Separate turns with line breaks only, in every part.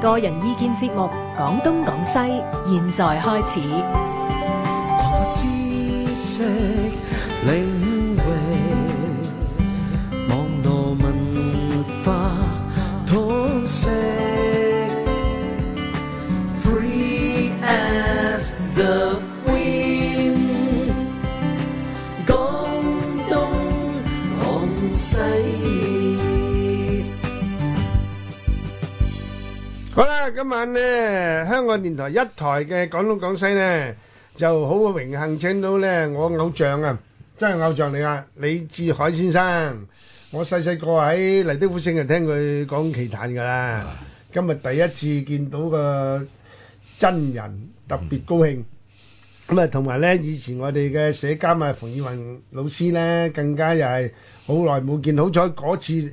個人意見節目《講東講西》，現在開始。
今晚呢，香港電台一台嘅廣東廣西呢，就好榮幸請到呢我偶像啊，真係偶像嚟啊，李志海先生。我細細個喺麗的呼聲就聽佢講棋壇㗎喇，今日第一次見到個真人，特別高興。咁啊，同埋呢，以前我哋嘅社監啊馮以浤老師呢，更加又係好耐冇見，好彩嗰次，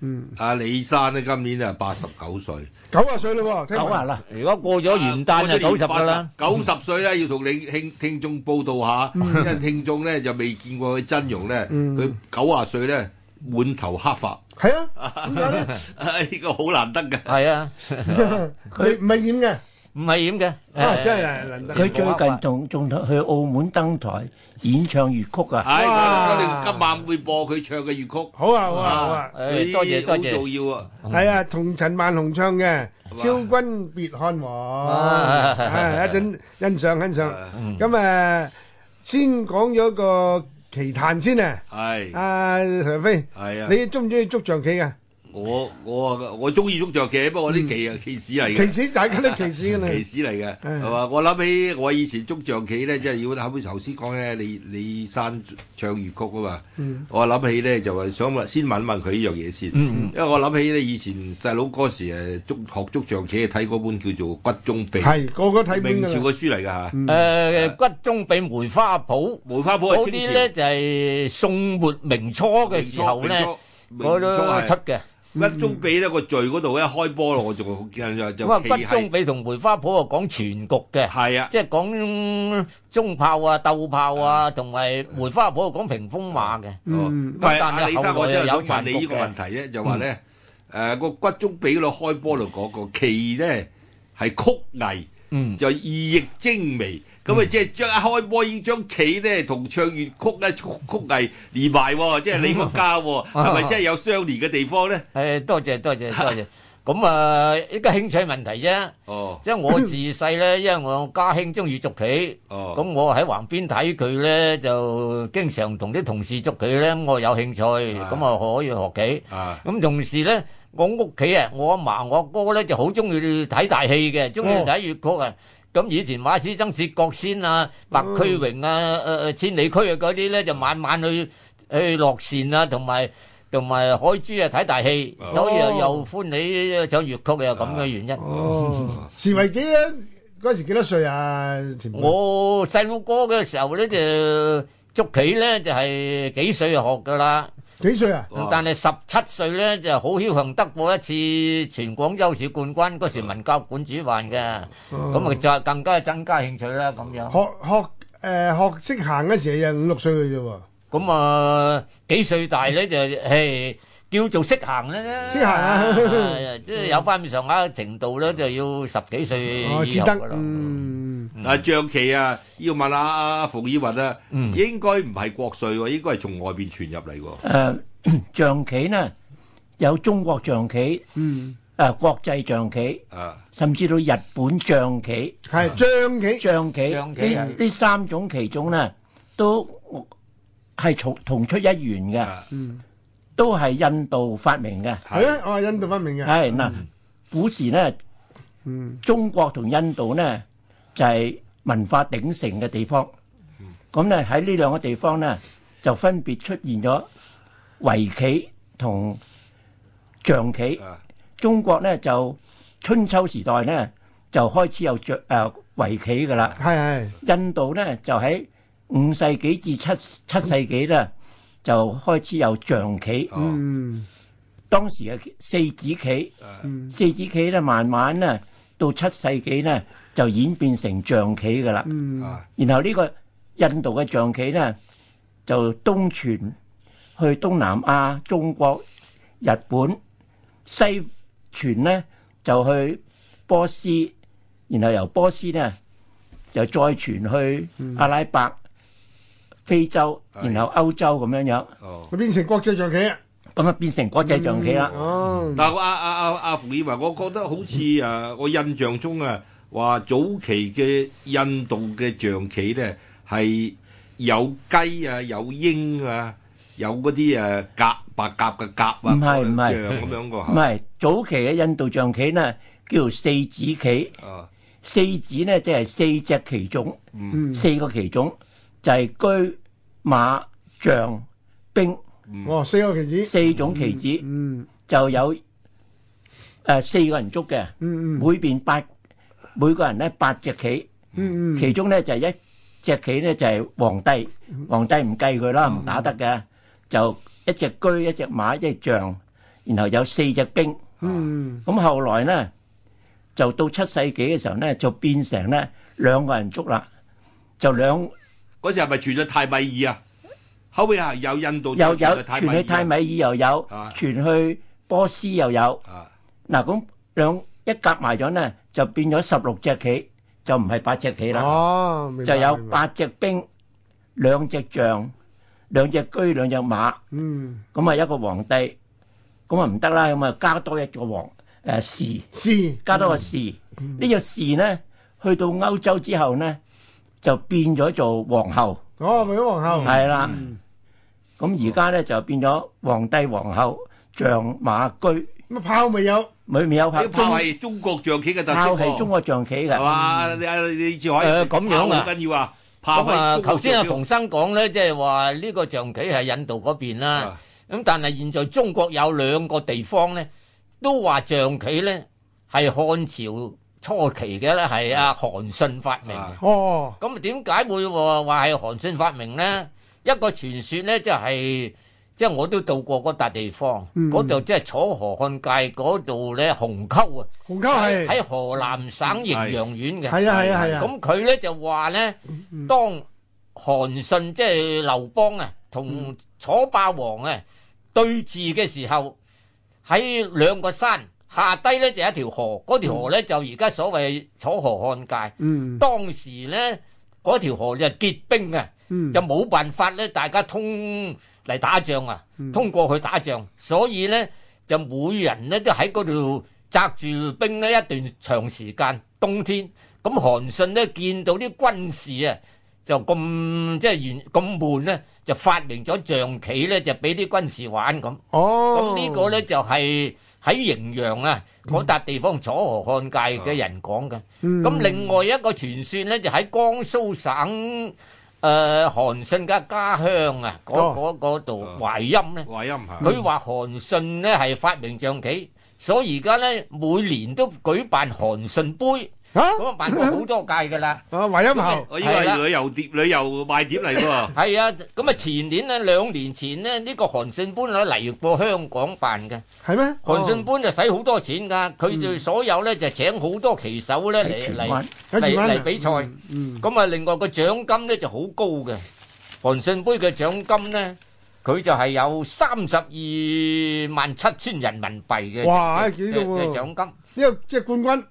嗯，阿李生咧今年啊八十九歲，
九
啊歲，聽日如果過咗元旦就九十八啦。
九十歲咧要同你聽聽眾報道下，嗯、因為聽眾咧就未見過佢真容咧，佢九啊歲咧滿頭黑髮，係啊，呢個好難得噶，係啊，
佢唔係染嘅。唔係咁嘅，佢最近
仲仲
去澳門登台演唱粵曲啊！哇，我
哋今晚會播佢唱嘅粵曲。好啊，好啊，多謝多謝，好重要啊！係啊，
同陳萬雄唱嘅《昭君別漢王》，啊啊啊！一陣欣賞欣賞。咁誒，先講咗個棋壇先啊！係，阿常飛，你中唔中意捉象棋啊？
我我我中意捉象棋，不過我啲棋啊棋屎嚟嘅，棋屎就係嗰啲棋屎嚟嘅。棋屎嚟嘅係嘛？我諗起我以前捉象棋咧，即係要後尾頭先講咧。李李生唱粵曲啊嘛，我諗起咧就話想問先問問佢呢樣嘢先，因為我諗起咧以前細佬嗰時捉學捉象棋，睇嗰本叫做《骨中秘》，係個個睇明朝嘅書嚟㗎嚇。
誒《骨
中秘》梅花譜，梅花譜嗰啲咧就係宋末明初嘅時候咧，明初係出嘅。嗯、中呢骨中比咧個序嗰度一開波咯，我仲好驚就骨中比同梅花譜啊講全局嘅，係啊，
即係講中炮啊、鬥炮啊，同埋、嗯、梅花譜啊講屏風馬嘅。嗯嗯、但係後來又有、啊、李生我真係問你呢個問題咧，就話咧
誒個骨中比度開波度講、那個棋咧係曲藝，嗯、就意逸精微。嗯咁啊，即係將開波已經將棋咧同唱粵曲咧曲藝連埋喎，即係你個家喎，係咪真係有相連嘅地方咧？
係，多謝多謝多謝。咁啊，依家興趣問題啫。哦，即係我自細咧，因為我家兄中意捉棋。哦，咁我喺橫邊睇佢咧，就經常同啲同事捉棋咧，我有興趣，咁啊可以學棋。啊，咁同時咧，我屋企啊，我阿嫲我哥咧就好中意睇大戲嘅，中意睇粵曲啊。咁以前馬師曾、薛覺先啊、白駒榮啊、誒誒千里駒啊嗰啲咧，就晚晚去去樂善啊，同埋同埋海珠啊睇大戲，所以又又歡喜唱粵曲又咁嘅原因。
時為幾啊？嗰時幾多歲啊？我
細路哥嘅時候咧就捉棋咧就係幾歲學㗎啦。幾
歲啊？但
係十七歲咧就好僥倖得過一次全廣州市冠軍，嗰時文教館主辦嘅，咁啊再更加增加興趣啦。咁樣學學，
誒學識行，嗰時啊五六歲嘅啫喎，
咁啊幾歲大咧就誒叫做識行啦。識行啊，即係有翻咁上下嘅程
度咧，就要十幾歲至得咯。啊象棋啊，要問阿阿馮以浤啊，應該唔係國粹喎，應該係從外邊傳入嚟喎。誒
象棋咧有中國象棋，嗯，誒國際象棋，啊，甚至到日本象棋，係象棋，象棋，象棋，呢呢三種其中咧都係從同出一源嘅，嗯，都係印度發明嘅，係
啊，印度發明
嘅，係嗱，古時咧，嗯，中國同印度咧。就係文化鼎盛嘅地方，咁咧喺呢兩個地方咧，就分別出現咗圍棋同象棋。中國咧就春秋時代咧就開始有著誒、呃、圍棋噶啦，係係是。印度咧就喺五世紀至七七世紀咧就開始有象棋。嗯，當時嘅四子棋，嗯、四子棋咧慢慢咧到七世紀咧。就演變成象棋嘅啦，然後呢個印度嘅象棋咧就東傳去東南亞、中國、日本，西傳咧就去波斯，然後由波斯咧就再傳去阿拉伯、非洲，然後歐洲咁樣樣，佢變成國際象棋啊！咁啊，變成國際象棋啦。
但係阿阿阿阿馮以浤，我覺得好似誒，我印象中啊～話早期嘅印度嘅象棋咧，係有雞啊，有鷹啊，有嗰啲誒鴿白鴿嘅鴿啊，甲甲甲啊象咁樣個。唔係唔係，唔
係早期嘅印度象棋呢，叫做四子棋。哦、啊。四子呢，即係四隻棋種，嗯、四個棋種就係、是、車、馬、象、兵。嗯、哦，四個棋子。四種棋子，嗯，就有誒、呃、四個人捉嘅、嗯，嗯嗯，嗯，嗯，嗯，每邊、嗯嗯嗯、八。每個人咧八隻棋，其中咧就係一隻棋咧就係皇帝。皇帝唔計佢啦，唔打得嘅就一隻車、一隻馬、一隻象，然後有四隻兵。咁後來咧就到七世紀嘅時候咧就變成咧兩個人捉啦，就兩
嗰時係咪傳咗泰米爾啊？後尾啊有印度傳去泰米
爾，又有傳去波斯，又有嗱，咁兩一夾埋咗咧。就變咗十六隻棋，就唔係八隻棋啦。哦，
就有八
隻兵、明白。兩隻象、兩隻車、兩隻馬。嗯，咁啊一個皇帝，咁啊唔得啦，咁啊加多一個王誒、呃、士。士。加多個士。呢、嗯、個士呢，去到歐洲之後呢，就變咗做皇后。哦，變咗皇后。係啦。咁而家呢，就變咗皇帝、皇后、象、皇皇馬居、車。咁啊炮咪有，裏面有炮。啲炮係
中國象棋嘅特色，炮係中
國象棋嘅。係嘛？你
啊，你似話，誒，咁樣啊。咁
啊，頭先阿馮生講咧，即係話呢個象棋係印度嗰邊啦。咁但係現在中國有兩個地方咧，都話象棋咧係漢朝初期嘅咧，係阿韓信發明。哦。咁啊，點解會話係韓信發明咧？一個傳說咧，就係。即係我都到過嗰笪地方，嗰度即係楚河漢界嗰度咧，洪溝啊，洪溝係喺河南省營陽縣嘅。係啊係啊係啊。咁佢咧就話咧，當韓信即係、就是、劉邦啊，同楚霸王啊對峙嘅時候，喺兩個山下低咧就一條河，嗰條河咧就而家所謂楚河漢界。嗯嗯、當時咧嗰條河就結冰嘅。就冇辦法咧，大家通嚟打仗啊，通過去打仗，所以咧就每人咧都喺嗰度紮住兵咧一段長時間，冬天。咁、嗯、韓信咧見到啲軍士啊，就咁即係完咁悶咧，就發明咗象棋咧，就俾啲軍士玩咁。哦，咁呢、就是啊那個咧就係喺滎陽啊嗰笪地方楚河漢界嘅人講嘅。咁、嗯嗯、另外一個傳說咧就喺江蘇省。誒韓信嘅家鄉啊，嗰嗰嗰度淮陰咧，淮陰，佢話韓信咧係發明象棋。所以而家咧每年都舉辦韓信杯，咁啊辦過好多屆㗎喇。啊，唯一矛，我呢個係旅遊店、旅遊賣點嚟喎。係啊，咁啊前年咧、兩年前咧，呢個韓信杯啊嚟過香港辦嘅。係咩？韓信杯就使好多錢㗎，佢哋所有咧就請好多棋手咧嚟嚟嚟嚟比賽。嗯。咁啊，另外個獎金咧就好高嘅，韓信杯嘅獎金咧。佢就係有三十二萬七千人民幣嘅獎金，即係冠軍。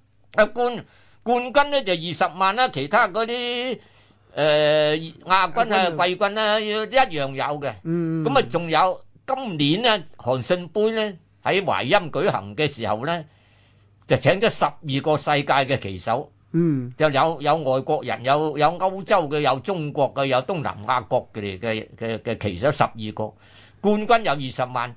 冠冠軍呢就二十萬啦，其他嗰啲誒亞軍啊、季軍啦，一樣有嘅。咁啊、嗯，仲有今年咧韓信杯呢，喺淮陰舉行嘅時候呢，就請咗十二個世界嘅棋手。嗯，就有有外國人，有有歐洲嘅，有中國嘅，有東南亞國嘅嘅嘅嘅，其實十二個冠軍有二十萬，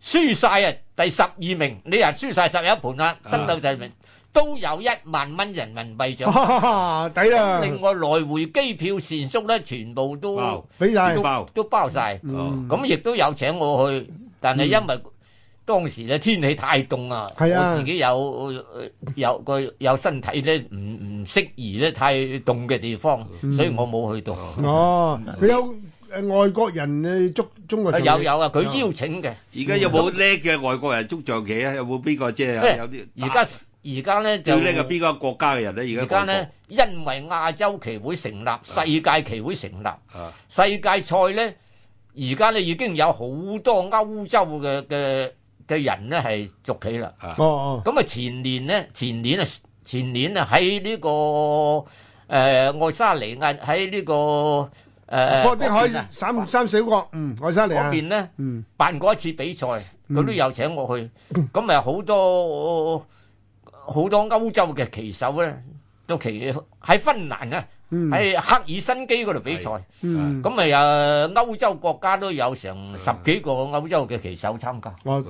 輸晒啊，第十二名你啊輸晒十一盤啦，得到就係都有一萬蚊人民幣獎，抵啦。另外來回機票膳宿咧，全部都包，俾晒包，都包晒。咁亦都有請我去，但係因為。當時咧天氣太凍啊，啊我自己有有個有，有身體咧唔唔適宜咧太凍嘅地方，所以我冇去到。
哦，佢有誒外國人誒捉中國、嗯有，有有啊，佢邀
請嘅。而家、嗯、有冇叻嘅外國人捉象棋啊？有冇邊個即係、啊、有啲？而家而家
咧就最叻嘅邊個
國家嘅人咧？而家而家咧，
因為亞洲棋會成立，世界棋會成立，啊啊、世界賽咧，而家咧已經有好多歐洲嘅嘅。嘅人咧係續棋啦，啊，咁啊前年咧，前年啊，前年啊喺呢個誒愛沙尼亞喺呢個誒，嗰啲海三三小國，嗯，愛沙尼亞嗰邊咧，嗯，辦過一次比賽，佢都有請我去，咁啊好多好多歐洲嘅棋手咧，都棋喺芬蘭啊。喺赫爾辛基嗰度比賽，咁咪誒歐洲國家都有成十幾個歐洲嘅棋
手參加。我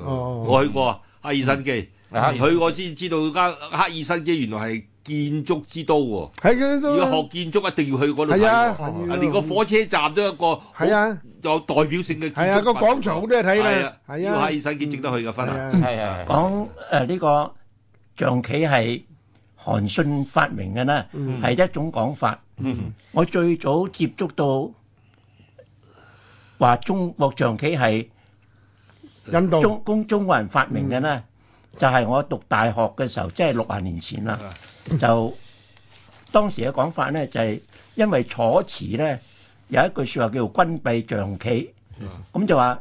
我去過啊，赫爾辛基，去我
先知道家赫爾辛基原來係建築之都喎。係嘅都。如果學建築一定要去嗰度睇。係啊，連個火車站都有一個。係啊，有代表性嘅建築物。係啊，個廣場好多嘢睇啦。係啊，去赫爾辛基值得去嘅分啊。係啊，係啊。講
誒呢個象棋係韓信發明嘅咧，係一種講法。嗯， 我最早接觸到話中國象棋係印度中公冬中，中國人發明嘅呢、嗯、就係我讀大學嘅時候，即係六十年前啦。啊、就當時嘅講法呢，就係、是、因為楚辭呢有一句説話叫做軍備象棋，咁、啊嗯、就話誒、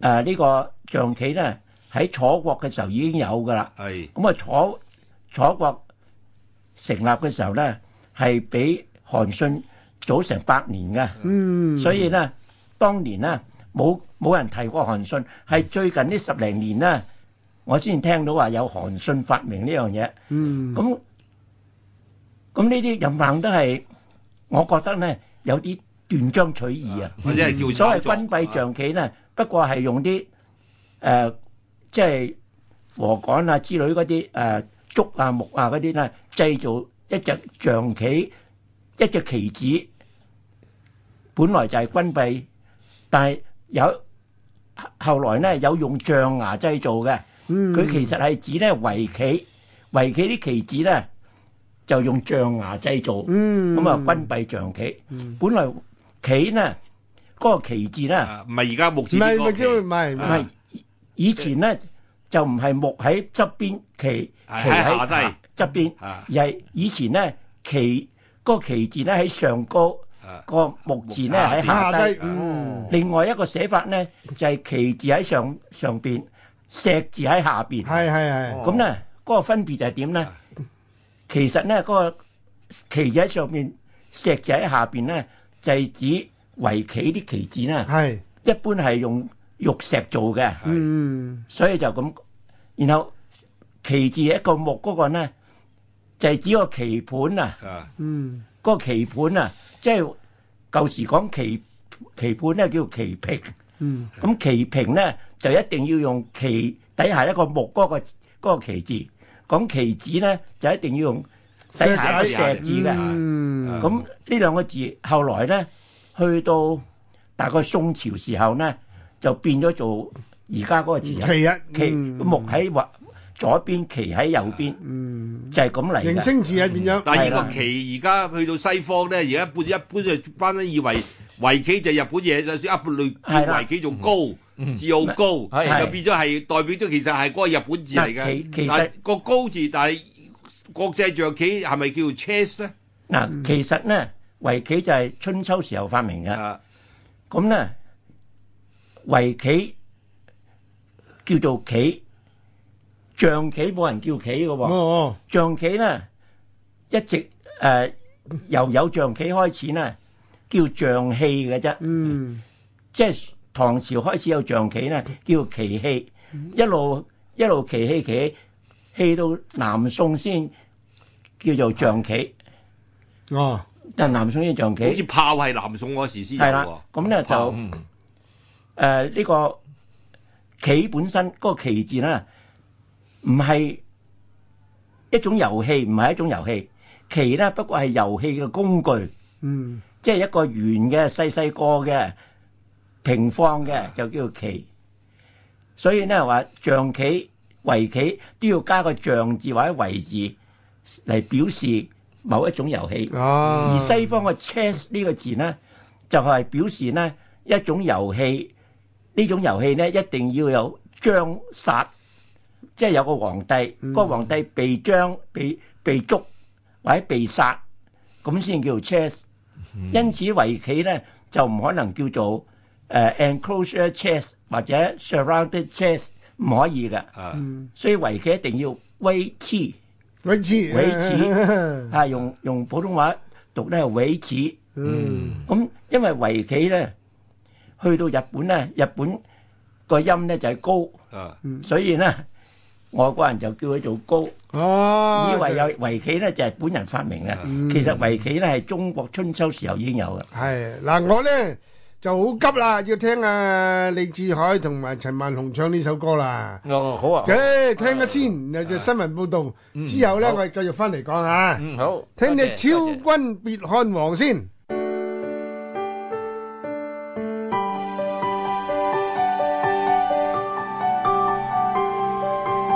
呃這個、呢個象棋呢喺楚國嘅時候已經有噶啦。咁啊是，楚楚國成立嘅時候呢，係比韓信早成百年嘅。嗯、所以呢，當年呢，冇冇人提過韓信，係最近呢十零年呢，我先聽到話有韓信發明呢樣嘢。嗯，咁咁呢啲人行都係，我覺得呢，有啲斷章取義啊。嗯、所謂軍貴象棋呢，嗯、不過係用啲誒、呃、即係禾杆啊之類嗰啲誒竹啊木啊嗰啲呢製造。一隻象棋，一隻棋子，本來就係軍備，但係有後來咧有用象牙製造嘅，佢、嗯、其實係指咧圍棋，圍棋啲棋子咧就用象牙製造，咁啊、嗯、軍備象棋，嗯、本來棋呢嗰、那個棋字呢、啊，唔係而家木字。呢個唔係以前咧是就唔係木喺側邊棋，棋棋喺 側邊，而係以前咧，棋，個棋字咧喺上高，個木字咧喺下低。另外一個寫法咧，就係棋字喺上上邊，石字喺下邊。係係係。咁咧，嗰個分別就係點咧？其實咧，嗰個棋字喺上邊，石字喺下邊咧，就係指圍棋啲棋子咧。係。一般係用玉石做嘅，嗯，所以就咁。然後棋字一個木嗰個咧。就係指個棋盤啊，嗯，個棋盤啊，即係舊時講棋棋盤咧、啊、叫棋枰，嗯，咁棋枰咧就一定要用棋底下一個木嗰、嗰個棋、嗰個、字，講棋子咧就一定要用
底下一個石字嘅、嗯，嗯，咁
呢兩個字後來咧去到大概宋朝時候咧就變咗做而家嗰個字啊，棋、嗯、木喺或。左邊棋喺右邊，就係咁嚟嘅。形聲字係點樣？但係呢個棋
而家去到西方咧，而家一般一般，翻都以為圍棋就係日本嘢，就算一般類別圍棋仲高，字好高，就變咗係代表咗其實係嗰個日本字嚟嘅。但係個高字，但係國際象棋係咪叫做 chess 咧？
嗱，其實咧圍棋就係春秋時候發明嘅。咁咧圍棋叫做棋。象棋冇人叫棋㗎喎，象棋咧一直誒由有象棋開始咧叫象戲嘅啫，即係唐朝開始有象棋咧叫棋戲，一路一路棋戲棋戲到南宋先叫做象棋哦。但南宋先象棋好似
炮係南宋嗰時先有喎。咁咧就誒呢個
棋本身嗰個棋字咧。唔係一種遊戲，唔係一種遊戲，棋咧不過係遊戲嘅工具，嗯，即係一個圓嘅細細個嘅平放嘅就叫棋。所以咧話象棋、圍棋都要加個象字或者圍字嚟表示某一種遊戲。哦，而西方嘅 chess 呢個字咧就係表示咧一種遊戲，呢種遊戲咧一定要有將殺。即係有個皇帝，個皇帝被將被被捉或者被殺，咁先叫做 Chess。因此圍棋咧就唔可能叫做誒 enclosure Chess 或者 surrounded Chess，唔可以嘅。啊，所以圍棋一定要圍棋，圍棋，圍棋啊！用用普通話讀咧係圍棋。嗯，咁因為圍棋咧去到日本咧，日本個音咧就係高啊，所以咧。外國人就叫佢做高，
以為有
圍棋呢就係本人發明嘅，其實圍棋呢係中國春秋時候已經有
嘅。係，嗱，我呢就好急啦，要聽啊，李志海同埋陳萬雄唱呢首歌啦。
好啊，誒，
聽一下先，就新聞報道，之後呢，我哋繼續翻嚟講下。好，聽你「超君別漢王」先。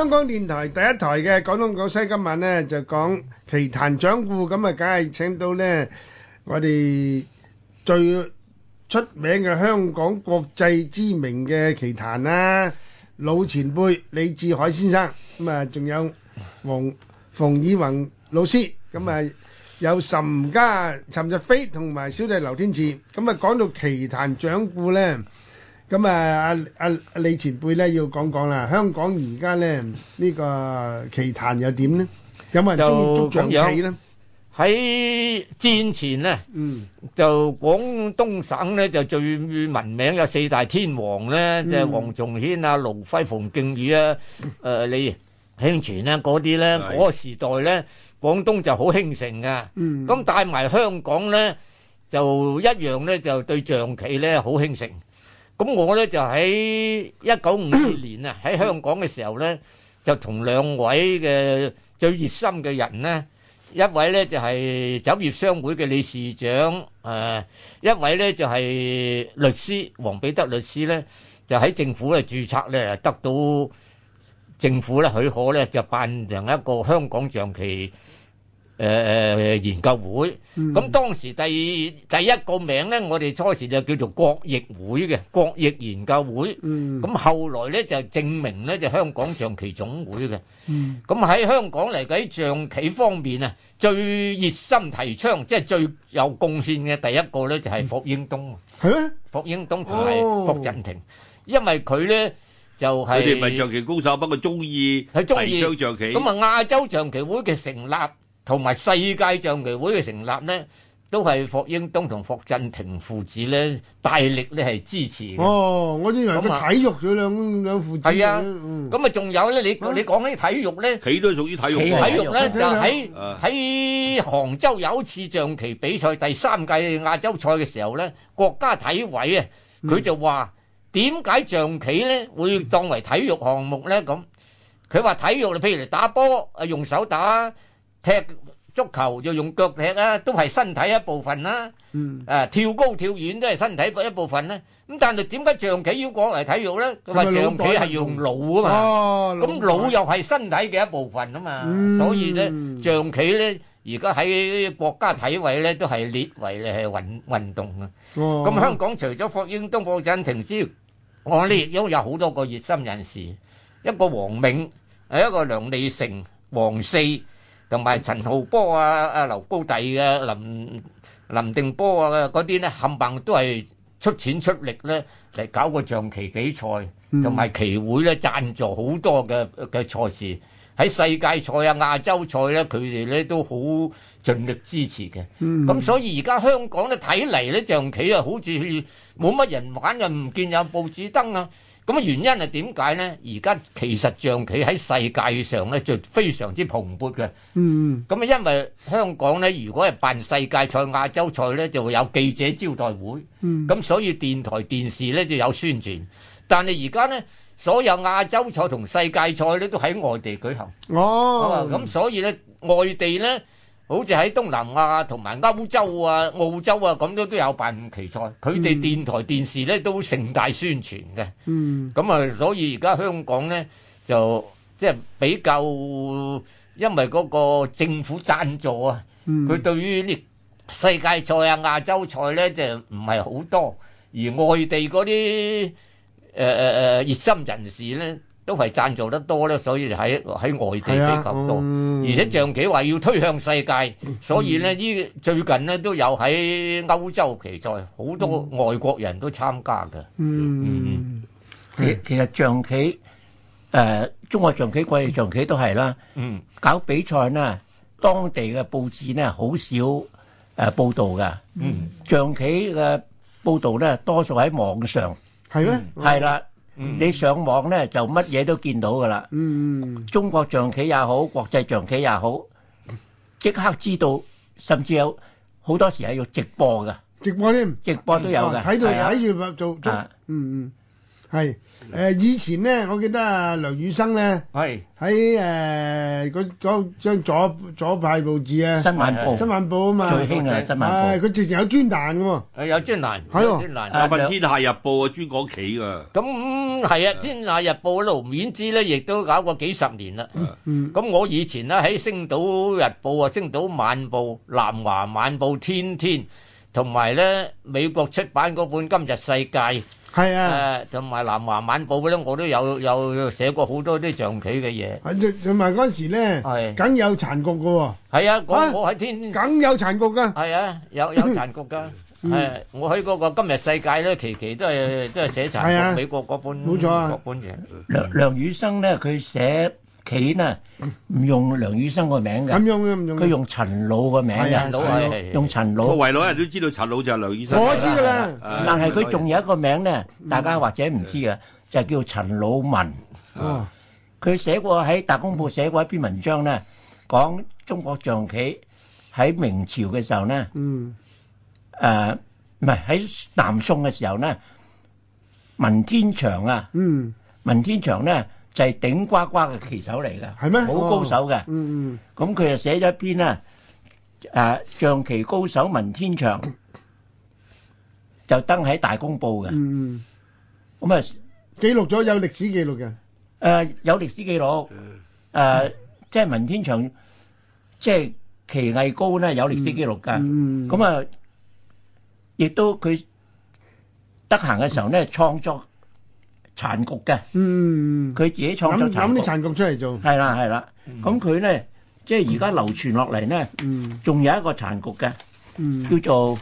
香港電台第一台嘅講東講西，今晚呢就講棋壇掌故，咁啊，梗係請到呢，我哋最出名嘅香港國際知名嘅棋壇啦，啊，老前輩李志海先生，咁啊，仲有黃馮以浤老師，咁啊，有岑家岑逸飛同埋小弟劉天賜，咁啊，講到棋壇掌故呢。咁啊！阿、啊、阿李前輩咧要講講啦，香港而家咧呢、呢個棋壇又點咧？咁啊，就中意捉象棋咧？
喺戰前咧，嗯、就廣東省咧就最聞名有四大天王咧，即係黃仲軒啊、盧輝、馮敬宇啊、誒、呃、李興全啦嗰啲咧，嗰的個時代咧廣東就好興盛噶。咁、嗯、帶埋香港咧，就一樣咧，就對象棋咧好興盛。咁我呢就喺一九五四年啊，喺香港嘅時候呢，就同兩位嘅最熱心嘅人呢，一位呢就係酒業商會嘅理事長，誒，一位呢就係律師黃彼得律師呢，就喺政府咧註冊呢，得到政府咧許可呢，就辦成一個香港象棋。誒誒，研究會，咁當時第第一個名咧，我哋初時就叫做國弈會嘅，國弈研究會。咁後來咧就證明咧就香港象棋總會嘅。咁喺香港嚟計，象棋方面啊，最熱心提倡，即係最有貢獻嘅第一個咧就係霍英東。係啊，霍英東同埋霍震霆，因為佢
咧就係佢哋唔係象棋高手，不過中意提倡象棋。咁啊，
亞洲象棋會嘅成立。同埋世界象棋會嘅成立咧，都係霍英東同霍震霆父子咧，大力咧係支持。哦，
我呢個係體育
嘅兩
兩父子。係、嗯、
啊，咁啊、嗯，仲有咧，你你講起體育咧，
佢都係屬於體育、啊。棋體育咧就喺
喺杭州有一次象棋比賽，第三屆亞洲賽嘅時候咧，國家體委啊，佢就話點解象棋咧會當為體育項目咧？咁佢話體育啊，譬如嚟打波啊，用手打。踢足球就用腳踢啦，都係身體一部分啦。誒，跳高跳遠都係身體一部分啦。咁但係點解象棋要講嚟體育咧？佢話象棋係用腦啊嘛，咁腦又係身體嘅一部分啊嘛，所以咧象棋咧而家喺國家體委咧都係列為誒運運動啊。咁香港除咗霍英東、霍震霆之外，我哋亦都有好多個熱心人士，一個黃銘，誒一個梁利成、黃四。同埋陳浩波啊、阿劉高弟啊、林林定波啊嗰啲呢，冚唪都係出錢出力呢，嚟搞個象棋比賽，同埋、嗯、棋會呢，贊助好多嘅嘅賽事，喺世界賽啊、亞洲賽呢，佢哋呢都好盡力支持嘅。咁、嗯、所以而家香港呢，睇嚟呢象棋啊，好似冇乜人玩又唔見有報紙登啊。咁原因係點解呢？而家其實象棋喺世界上咧就非常之蓬勃嘅。嗯，咁啊，因為香港咧，如果係辦世界賽、亞洲賽咧，就會有記者招待會。嗯，咁所以電台、電視咧就有宣傳。但係而家呢，所有亞洲賽同世界賽咧都喺外地舉行。哦，咁啊，所以咧，外地咧。好似喺東南亞同埋歐洲啊、澳洲啊咁都都有辦棋賽，佢哋電台、嗯、電視咧都盛大宣傳嘅。咁啊、嗯，所以而家香港咧就即係比較，因為嗰個政府贊助啊，佢、嗯、對於呢世界賽啊、亞洲賽咧就唔係好多，而外地嗰啲誒誒誒熱心人士咧。都係贊助得多咧，所以喺喺外地比較多，而且象棋話要推向世界，所以咧呢最近咧都有喺歐洲棋賽，好多外國人都參加嘅。嗯，
其實象棋誒，中國象棋、國際象棋都係啦。嗯，搞比賽咧，當地嘅報紙咧好少誒報導嘅。嗯，象棋嘅報導咧多數喺網上。
係咩？係啦。
嗯、你
上網咧就乜嘢都見到噶啦，嗯、中國象棋也好，國際象棋也好，即刻知道，甚至有好多時係要直播噶，
直播添，直播都有嘅，睇播到睇住做，嗯、啊、嗯。係，誒以前咧，我記得啊，梁羽生咧，喺誒嗰嗰張左左派報紙啊，《新晚報》，新晚報啊嘛，最興啊，《新晚報》，佢直情有專欄嘅
喎，誒有專欄，係喎，有份《天下日報》啊，專講棋噶。咁
係啊，《天下日報》啊，盧綺芝咧，亦都搞過幾十年啦。咁我以前咧喺《星島日報》啊，《星島晚報》、《南華晚報》、《天天》，同埋咧美國出版嗰本《今日世界》。係啊，同埋《南華晚報》嗰啲，我都有有寫過好多啲象棋嘅嘢。
同同埋嗰陣時咧，係梗有殘局嘅喎。
係啊，我我喺天
梗有殘局噶。係啊，
有有殘局噶。係我喺嗰個《今日世界》咧，期期都係都係寫殘局美國嗰本，冇錯，
嗰
本嘢。
梁梁羽生咧，佢寫。棋呢，唔用梁羽生個名嘅，咁用佢用陳老個名嘅，用陳老係
係老。人都知道陳老就係梁羽生，我知道啦。但係佢仲
有一個名呢，大家或者唔知嘅，就叫陳老文。佢寫過喺《大公報》寫過一篇文章咧，講中國象棋喺明朝嘅時候咧，嗯，誒，唔係喺南宋嘅時候咧，文天祥啊，嗯，文天祥咧。就係頂呱呱嘅棋手嚟嘅，係咩？好高手嘅。咁佢就寫咗一篇啦，誒象棋高手文天祥就登喺大公報
嘅。
咁啊，記錄
咗有歷史記錄嘅，
誒有歷史記錄。誒即係文天祥，即係棋藝高咧，有歷史記錄嘅。咁啊，亦都佢得閒嘅時候咧，創作。殘局嘅，嗯，佢自己創作殘局，搵啲殘局出嚟做，係啦係啦，咁佢咧，即係而家流傳落嚟咧，仲有一個殘局嘅，叫做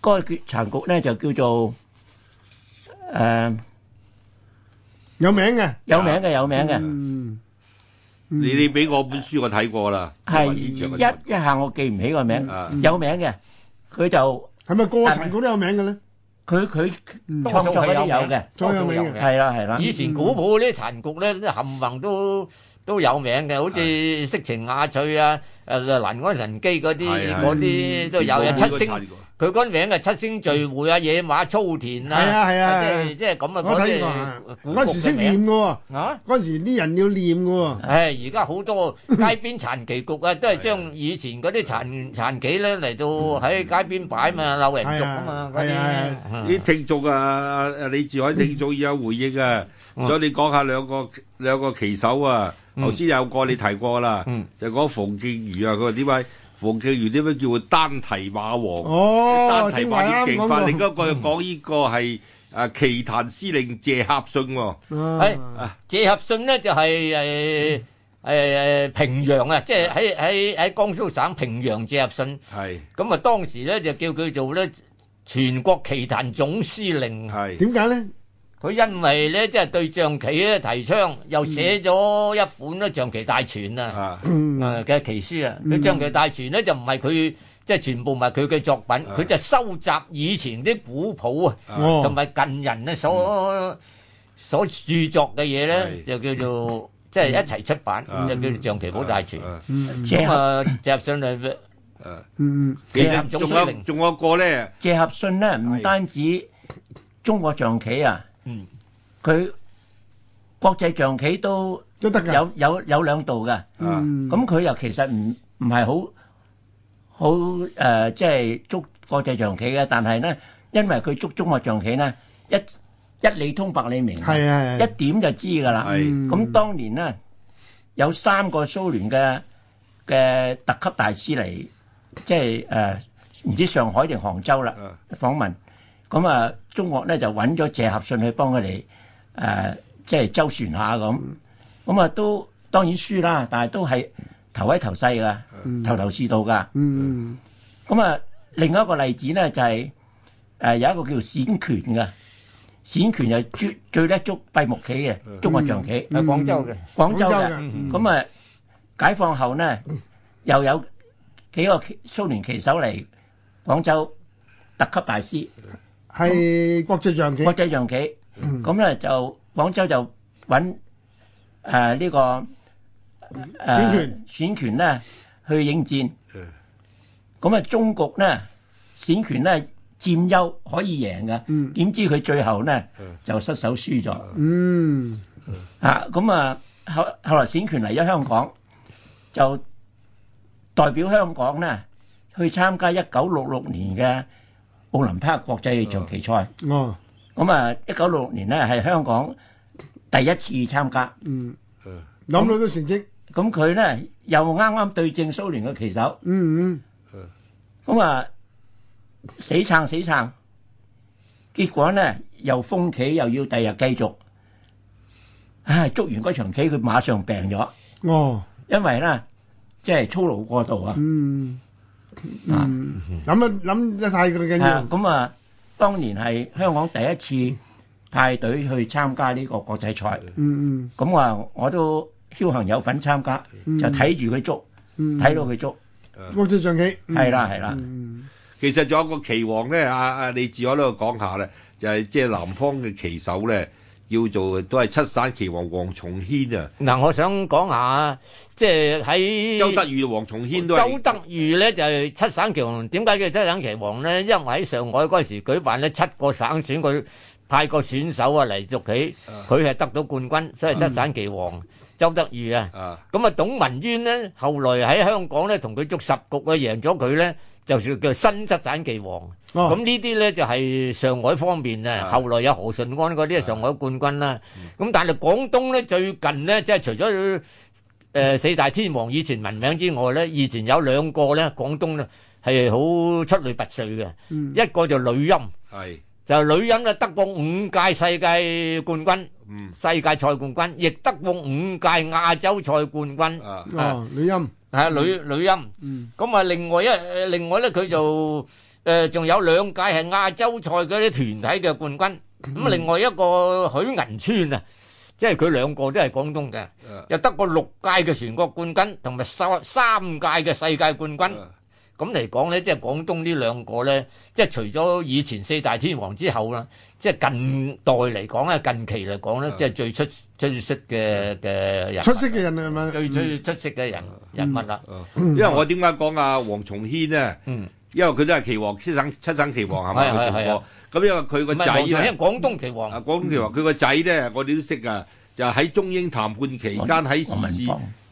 個殘局咧就叫做誒有名嘅，有名嘅有名嘅，嗯，你你
俾我本書我睇過啦，係一
一下我記唔起個名，有名嘅，佢
就係咪個殘局都有名嘅咧？佢佢
創作都有嘅，創作都有
嘅，係啦係啦。以前古堡呢啲殘局咧，啲冚唪唥都都有名嘅，好似色情雅趣啊，誒南安神機嗰啲嗰啲都有嘅七星。佢嗰啲名啊，七星聚會啊，野馬操田啊，即係即係咁啊！嗰陣時識念
噶喎，啊，嗰陣時啲人要念噶喎。
唉，而家好多街邊殘棋局啊，都係將以前嗰啲殘殘棋咧嚟到喺街邊擺嘛，柳人族啊嘛。嗰啲
聽眾啊，李志海聽眾要有回應啊，所以你講下兩個兩個棋手啊，頭先有個你提過啦，就講馮建瑜啊，佢話點解？馮敬如點樣叫做單提馬王？哦，單提題馬啲勁法。另一、嗯、個又講呢個係誒棋壇司令謝俠遜喎。
係謝
俠遜呢就係誒誒平
陽啊，即係喺喺喺江蘇省平陽謝俠遜。係咁啊，當時咧就叫佢做咧全國棋壇總司令。係點解咧？佢因為咧，即係對象棋咧提倡，又寫咗一本咧《象棋大全》啊，啊嘅奇書啊。佢《象棋大全》咧就唔係佢即係全部唔係佢嘅作品，佢就收集以前啲古譜啊，同埋近人咧所所著作嘅嘢咧，就叫做即係一齊出版，咁就叫做《象棋譜大全》。咁啊，謝
俠遜，啊，嗯，借仲有仲有一個咧，
謝俠遜咧，唔單止中國象棋啊。嗯，佢國際象棋都有有有兩度㗎，咁佢又其實唔唔係好好誒，即係捉國際象棋嘅，但係呢，因為佢捉中國象棋呢，一一理通百理明，一點就知㗎喇。咁當年呢有三個蘇聯嘅嘅特級大師嚟，即係誒唔知上海定杭州啦訪問，咁啊。中國咧就揾咗謝合信去幫佢哋，誒，即係周旋下咁，咁啊都當然輸啦，但係都係頭威頭勢噶，頭頭是道噶。咁啊，另一個例子咧就係誒有一個叫冼權嘅，冼權就最最叻捉閉目棋嘅，中國象棋喺廣州嘅，廣州嘅。咁啊，解放後咧又有幾個蘇聯棋手嚟廣州，特級大師。係國際象棋，國際象棋。咁咧就廣州就揾誒呢個選權，選權咧去應戰。咁啊，中局咧選權咧佔優可以贏嘅。點知佢最後咧就失手輸咗。嗯。啊，咁啊後後來選權嚟咗香港，就代表香港咧去參加一九六六年嘅，奧林匹克國際象棋賽，哦，咁啊，一九六六年咧係香港第一次參加，嗯，誒，攬到啲成績，咁佢咧又啱啱對正蘇聯嘅棋手，
嗯
嗯，誒，咁啊，死撐死撐，結果咧又封棋又要第日繼續，唉，捉完嗰場棋佢馬上病咗，哦，因為咧即係操勞過度啊，嗯。
嗯，諗一諗一派佢嘅嘢。咁
啊，當年係香港第一次派隊去參加呢個國際賽。
嗯
的嗯。咁啊，我都僥倖有份參加，的就睇
住佢捉，
睇到佢
捉。
國際象棋。係啦，
係啦。嗯，其實仲有一個棋王咧，阿阿李志海呢度講下咧，就係即係南方嘅棋手咧。叫做都係七省棋王黃松軒啊！
嗱，我想講下，即係喺
周德裕、黃松軒都係周
德裕咧就七省棋王，點解叫七省棋王咧？因為喺上海嗰陣時舉辦咧，七個省選佢派個選手啊嚟捉棋，佢係得到冠軍，所以七省棋王周德裕啊。咁啊，董文淵咧，後來喺香港咧同佢捉十局，佢贏咗佢咧。就算叫新七省棋王，咁呢啲咧就係上海方面啊，後來有何順安嗰啲係上海冠軍啦。咁但係廣東咧最近咧，即係除咗誒四大天王以前聞名之外咧，以前有兩個咧廣東咧係好出類拔萃嘅，一個就呂欽，就呂欽啊得過五屆世界冠軍，世界賽冠軍，亦得過五屆亞洲賽冠軍啊，呂欽。係女女音，咁啊、嗯嗯嗯、另外一另外咧，佢就誒仲、呃、有兩屆係亞洲賽嗰啲團體嘅冠軍，咁、嗯嗯、另外一個許銀川啊，即係佢兩個都係廣東嘅，又、嗯、得過六屆嘅全國冠軍，同埋三三屆嘅世界冠軍。嗯咁嚟講咧，即係廣東呢兩個咧，即係除咗以前四大天王之後啦，即係近代嚟講咧，近期嚟
講咧，即係最出出色嘅嘅人，出色
嘅人係咪？最最出色嘅人
人物啦。因為我點解講啊，黃崇軒呢？因為佢都係棋王七省七省棋王係咪？做過。咁因為佢個仔，因為廣東棋王，廣東棋王，佢個仔咧，我哋都識噶，就喺中英談判期間喺時事。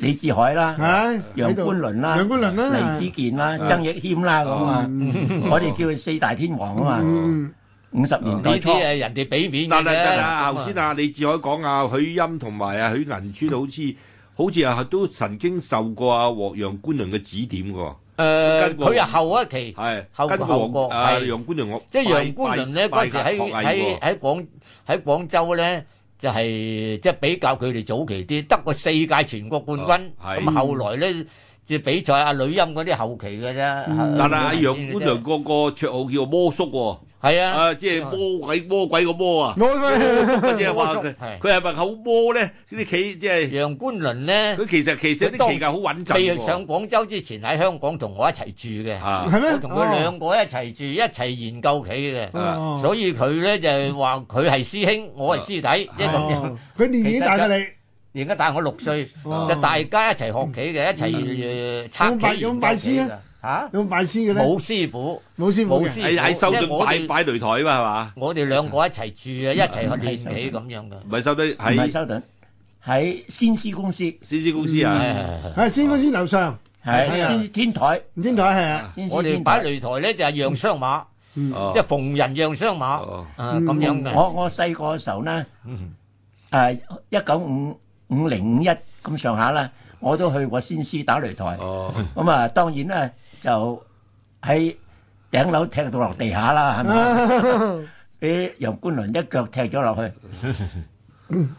李志海啦，楊官璘啦，李之健啦，曾益謙啦，咁啊，我哋叫佢四大天王啊嘛。
五
十年代啲係
人哋俾面。但係但係，頭先啊，李志海講啊，呂欽同埋啊，許銀川好似好似啊，都曾經受過啊，獲楊官璘嘅指點
嘅。誒，佢啊後一期係跟過。誒，楊
官璘我即係楊官璘咧，嗰時喺喺喺
廣喺廣州咧。就係比較佢哋早期啲，得過四屆全國冠軍，咁、啊、後來咧就比賽阿呂欽
嗰啲後期嘅啫。但係阿楊官璘嗰個綽號叫做魔叔喎、啊。係啊，即係魔鬼魔鬼個魔啊！魔叔，即係話佢係咪好魔咧？呢啲棋即係楊官璘咧。佢其實其實啲棋係好穩陣。譬如上廣州之前喺
香港同我一齊住嘅，係咩？我同佢兩個一齊住，一齊研究棋嘅。所以佢咧就話佢係師兄，我係師弟。即係佢年紀大過你年紀大我六歲，就大家一齊學棋嘅，一齊拆棋。
吓，咁拜師嘅咧？冇師傅，冇師傅嘅，喺喺修頓擺
擺擂台嘛，係嘛？我哋兩個一齊住啊，一齊年紀咁樣嘅。唔係修頓，係唔係修頓？
喺先施公司。先施公司啊？喺先施公司樓上，喺先施天台，天台係啊。我哋擺擂台咧就係讓雙馬，即係逢人讓
雙馬啊咁樣嘅。我我細個嘅時候咧，誒一九五五零五一咁上下啦，我都去過先施打擂台。咁啊，當然咧。就喺頂樓踢到落地下啦，係咪？俾楊官璘一腳踢咗落去。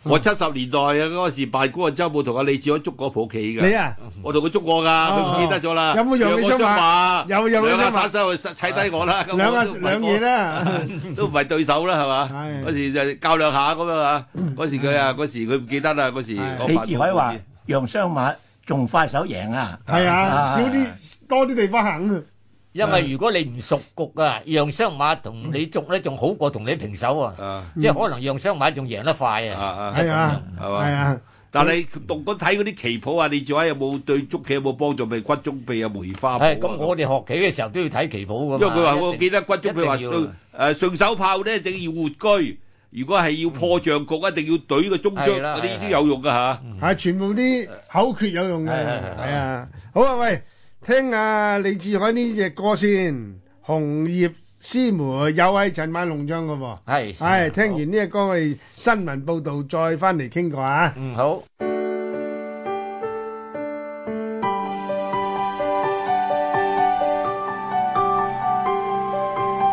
我七十年代啊，嗰時辦公啊，周寶同阿李志海捉過鋪棋㗎。你啊，我同佢捉過㗎，佢唔記得咗啦。有冇楊雙馬？有有雙馬。兩架沙箱去踩低我啦。兩架兩嘢啦，都唔係對手啦，係嘛？嗰時就較兩下咁啊嘛。嗰時佢啊，嗰時佢唔記得啦。嗰時我。李志海話：
楊雙馬。仲快手贏啊！
係啊，少啲
多啲地方行嘅。
因為如果你唔熟局啊，讓雙馬同你捉咧，仲
好過同你平手喎。啊，即係可
能讓雙馬仲贏得快啊。係啊，係嘛？係啊。但係
讀過睇嗰啲棋譜啊，你做下有冇對捉棋有冇幫助？咪橘中秘啊，梅花譜。係咁，我
哋學棋嘅時候都要睇棋譜㗎嘛。因為佢話我記得橘中秘話
誒順手炮咧，一定要活居。如果係要破象局，一定要對個中將，嗰啲都有用噶吓，
係全部啲口訣有用嘅，係啊。好啊，喂，聽下李志海呢隻歌先，《紅葉詩梅》，又係陳萬龍唱噶喎，係，係。聽完呢隻歌，我哋新聞報道再翻嚟傾過啊。嗯，
好。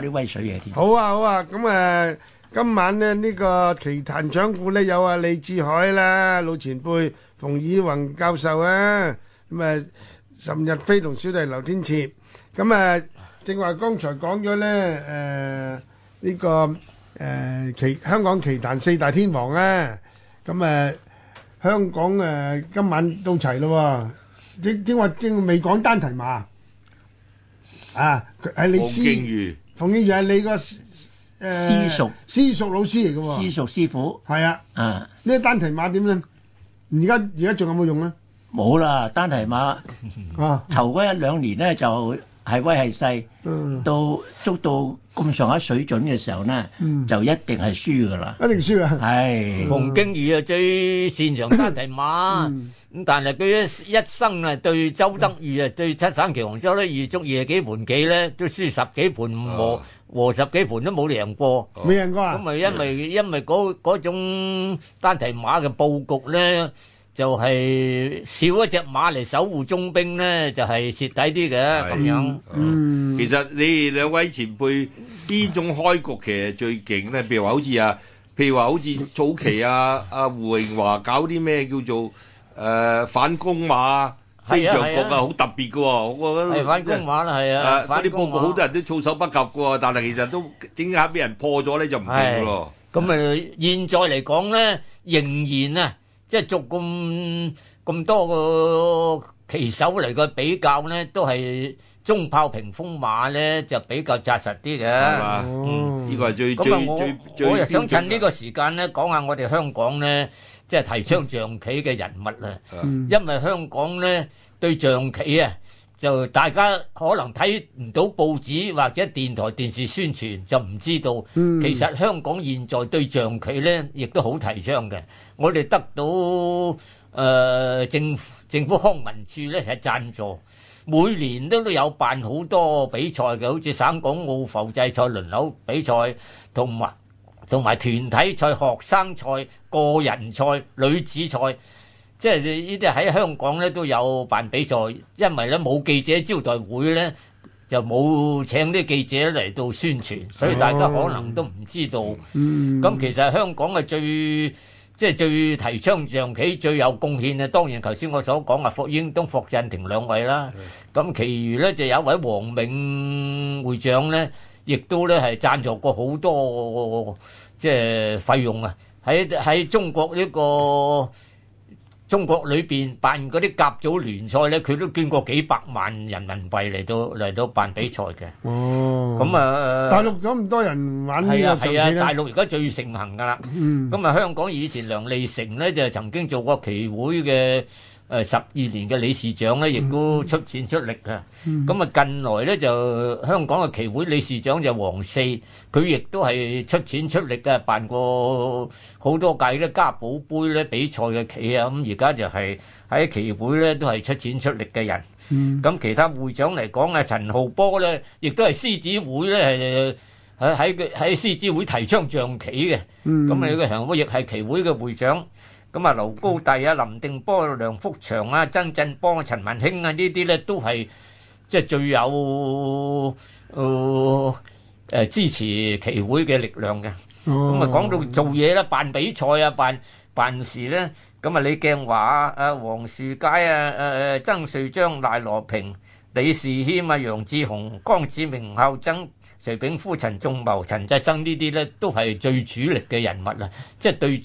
啲威
水嘢添。好啊好啊，咁誒今晚咧，呢個棋壇掌故咧有阿李志海啦，老前輩，馮以浤教授啊，咁誒岑逸飛同小弟劉天賜。咁誒正話剛才講咗咧誒呢個誒棋香港棋壇四大天王咧，咁誒香港誒今晚到齊咯，正正話正未講單提馬啊，係李思。同樣又係你個誒，私塾私塾老師嚟嘅喎，私塾師傅。係啊，呢單提馬點咧？而家而家仲有冇用咧？冇啦，單提馬啊，
頭嗰一兩年咧就會。係威係勢，到捉到咁上下水準嘅時候咧，就一定係輸噶啦。一定輸啊！係馮
敬如啊，最擅長單提馬，咁但係佢一一生啊，對周德裕啊，對七省棋王周德裕捉二十幾盤棋咧，都輸十幾盤和和十幾盤都冇贏過，冇贏過。咁咪因為因為嗰嗰種單提馬嘅佈局咧。就係少一隻馬嚟守護中
兵咧，就係蝕底啲嘅咁樣。嗯，其實你哋兩位前輩呢種開局其實最勁咧？譬如話好似啊，譬如話好似早期啊，阿胡榮華搞啲咩叫做誒反攻馬、飛象局啊，好特別嘅喎。反攻馬啦，係啊！嗰啲報告好多人都措手不及嘅喎，但係其實都整下俾人破咗咧，就唔掂嘅咯。
咁誒，現在嚟講咧，仍然啊～即係做咁咁多個棋手嚟嘅比較咧，都係中炮屏風馬咧就比較紮實啲嘅。係嘛吧，呢、嗯、個係最最最最。嗯、最
我又最想趁
呢個時間咧，講下我哋香港咧，即係提倡象棋嘅人物啊。嗯嗯、因為香港咧對象棋啊。就大家可能睇唔到報紙或者電台電視宣傳，就唔知道。嗯、其實香港現在對象棋呢，亦都好提倡嘅。我哋得到誒、呃、政府政府康文署呢，係贊助，每年都都有辦好多比賽嘅，好似省港澳埠際賽、輪流比賽，同埋同埋團體賽、學生賽、個人賽、女子賽。即係呢啲喺香港咧都有辦比賽，因為咧冇記者招待會咧，就冇請啲記者嚟到宣傳，所以大家可能都唔知道。咁、啊嗯、其實香港係最即係最提倡象棋最有貢獻嘅。當然頭先我所講啊，霍英東、霍震霆兩位啦。咁的，其餘咧就有一位黃銘會長咧，亦都咧係贊助過好多即係費用啊！喺喺中國呢、這個。中國裏邊辦嗰啲甲組聯賽咧，佢都捐過幾百萬人民幣嚟到嚟到辦比賽嘅。哦哇，咁啊，啊，啊，大陸
有咁多人玩呢個？係啊係啊，大
陸而家最盛行㗎啦。咁、嗯、啊，香港以前梁利成咧就曾經做過棋會嘅。誒十二年嘅理事長咧，亦都出錢出力嘅。咁啊、mm hmm. 嗯，近來咧就香港嘅棋會理事長就黃四，佢亦都係出錢出力嘅，辦過好多屆咧嘉寶杯咧比賽嘅棋啊。咁而家就係喺棋會咧都係出錢出力嘅人。咁、mm hmm. 嗯、其他會長嚟講啊，陳浩波咧亦都係獅子會咧係喺喺喺獅子會提倡象棋嘅。咁啊、mm，呢個陳浩波亦係棋會嘅會長。咁啊，劉高第啊，林定波、梁福祥啊，曾振邦、陳文興啊，呢啲咧都係即係最有誒、呃呃呃、支持棋會嘅力量嘅。
咁啊、哦，講
到做嘢啦，辦比賽啊，辦辦事呢，咁啊，李敬華啊，阿黃樹佳啊，誒、呃、曾瑞章、賴羅平、李士謙啊，楊志雄、江志明、孝增、徐炳夫、陳仲謀、陳濟生呢啲咧，都係最主力嘅人物啊，即係對。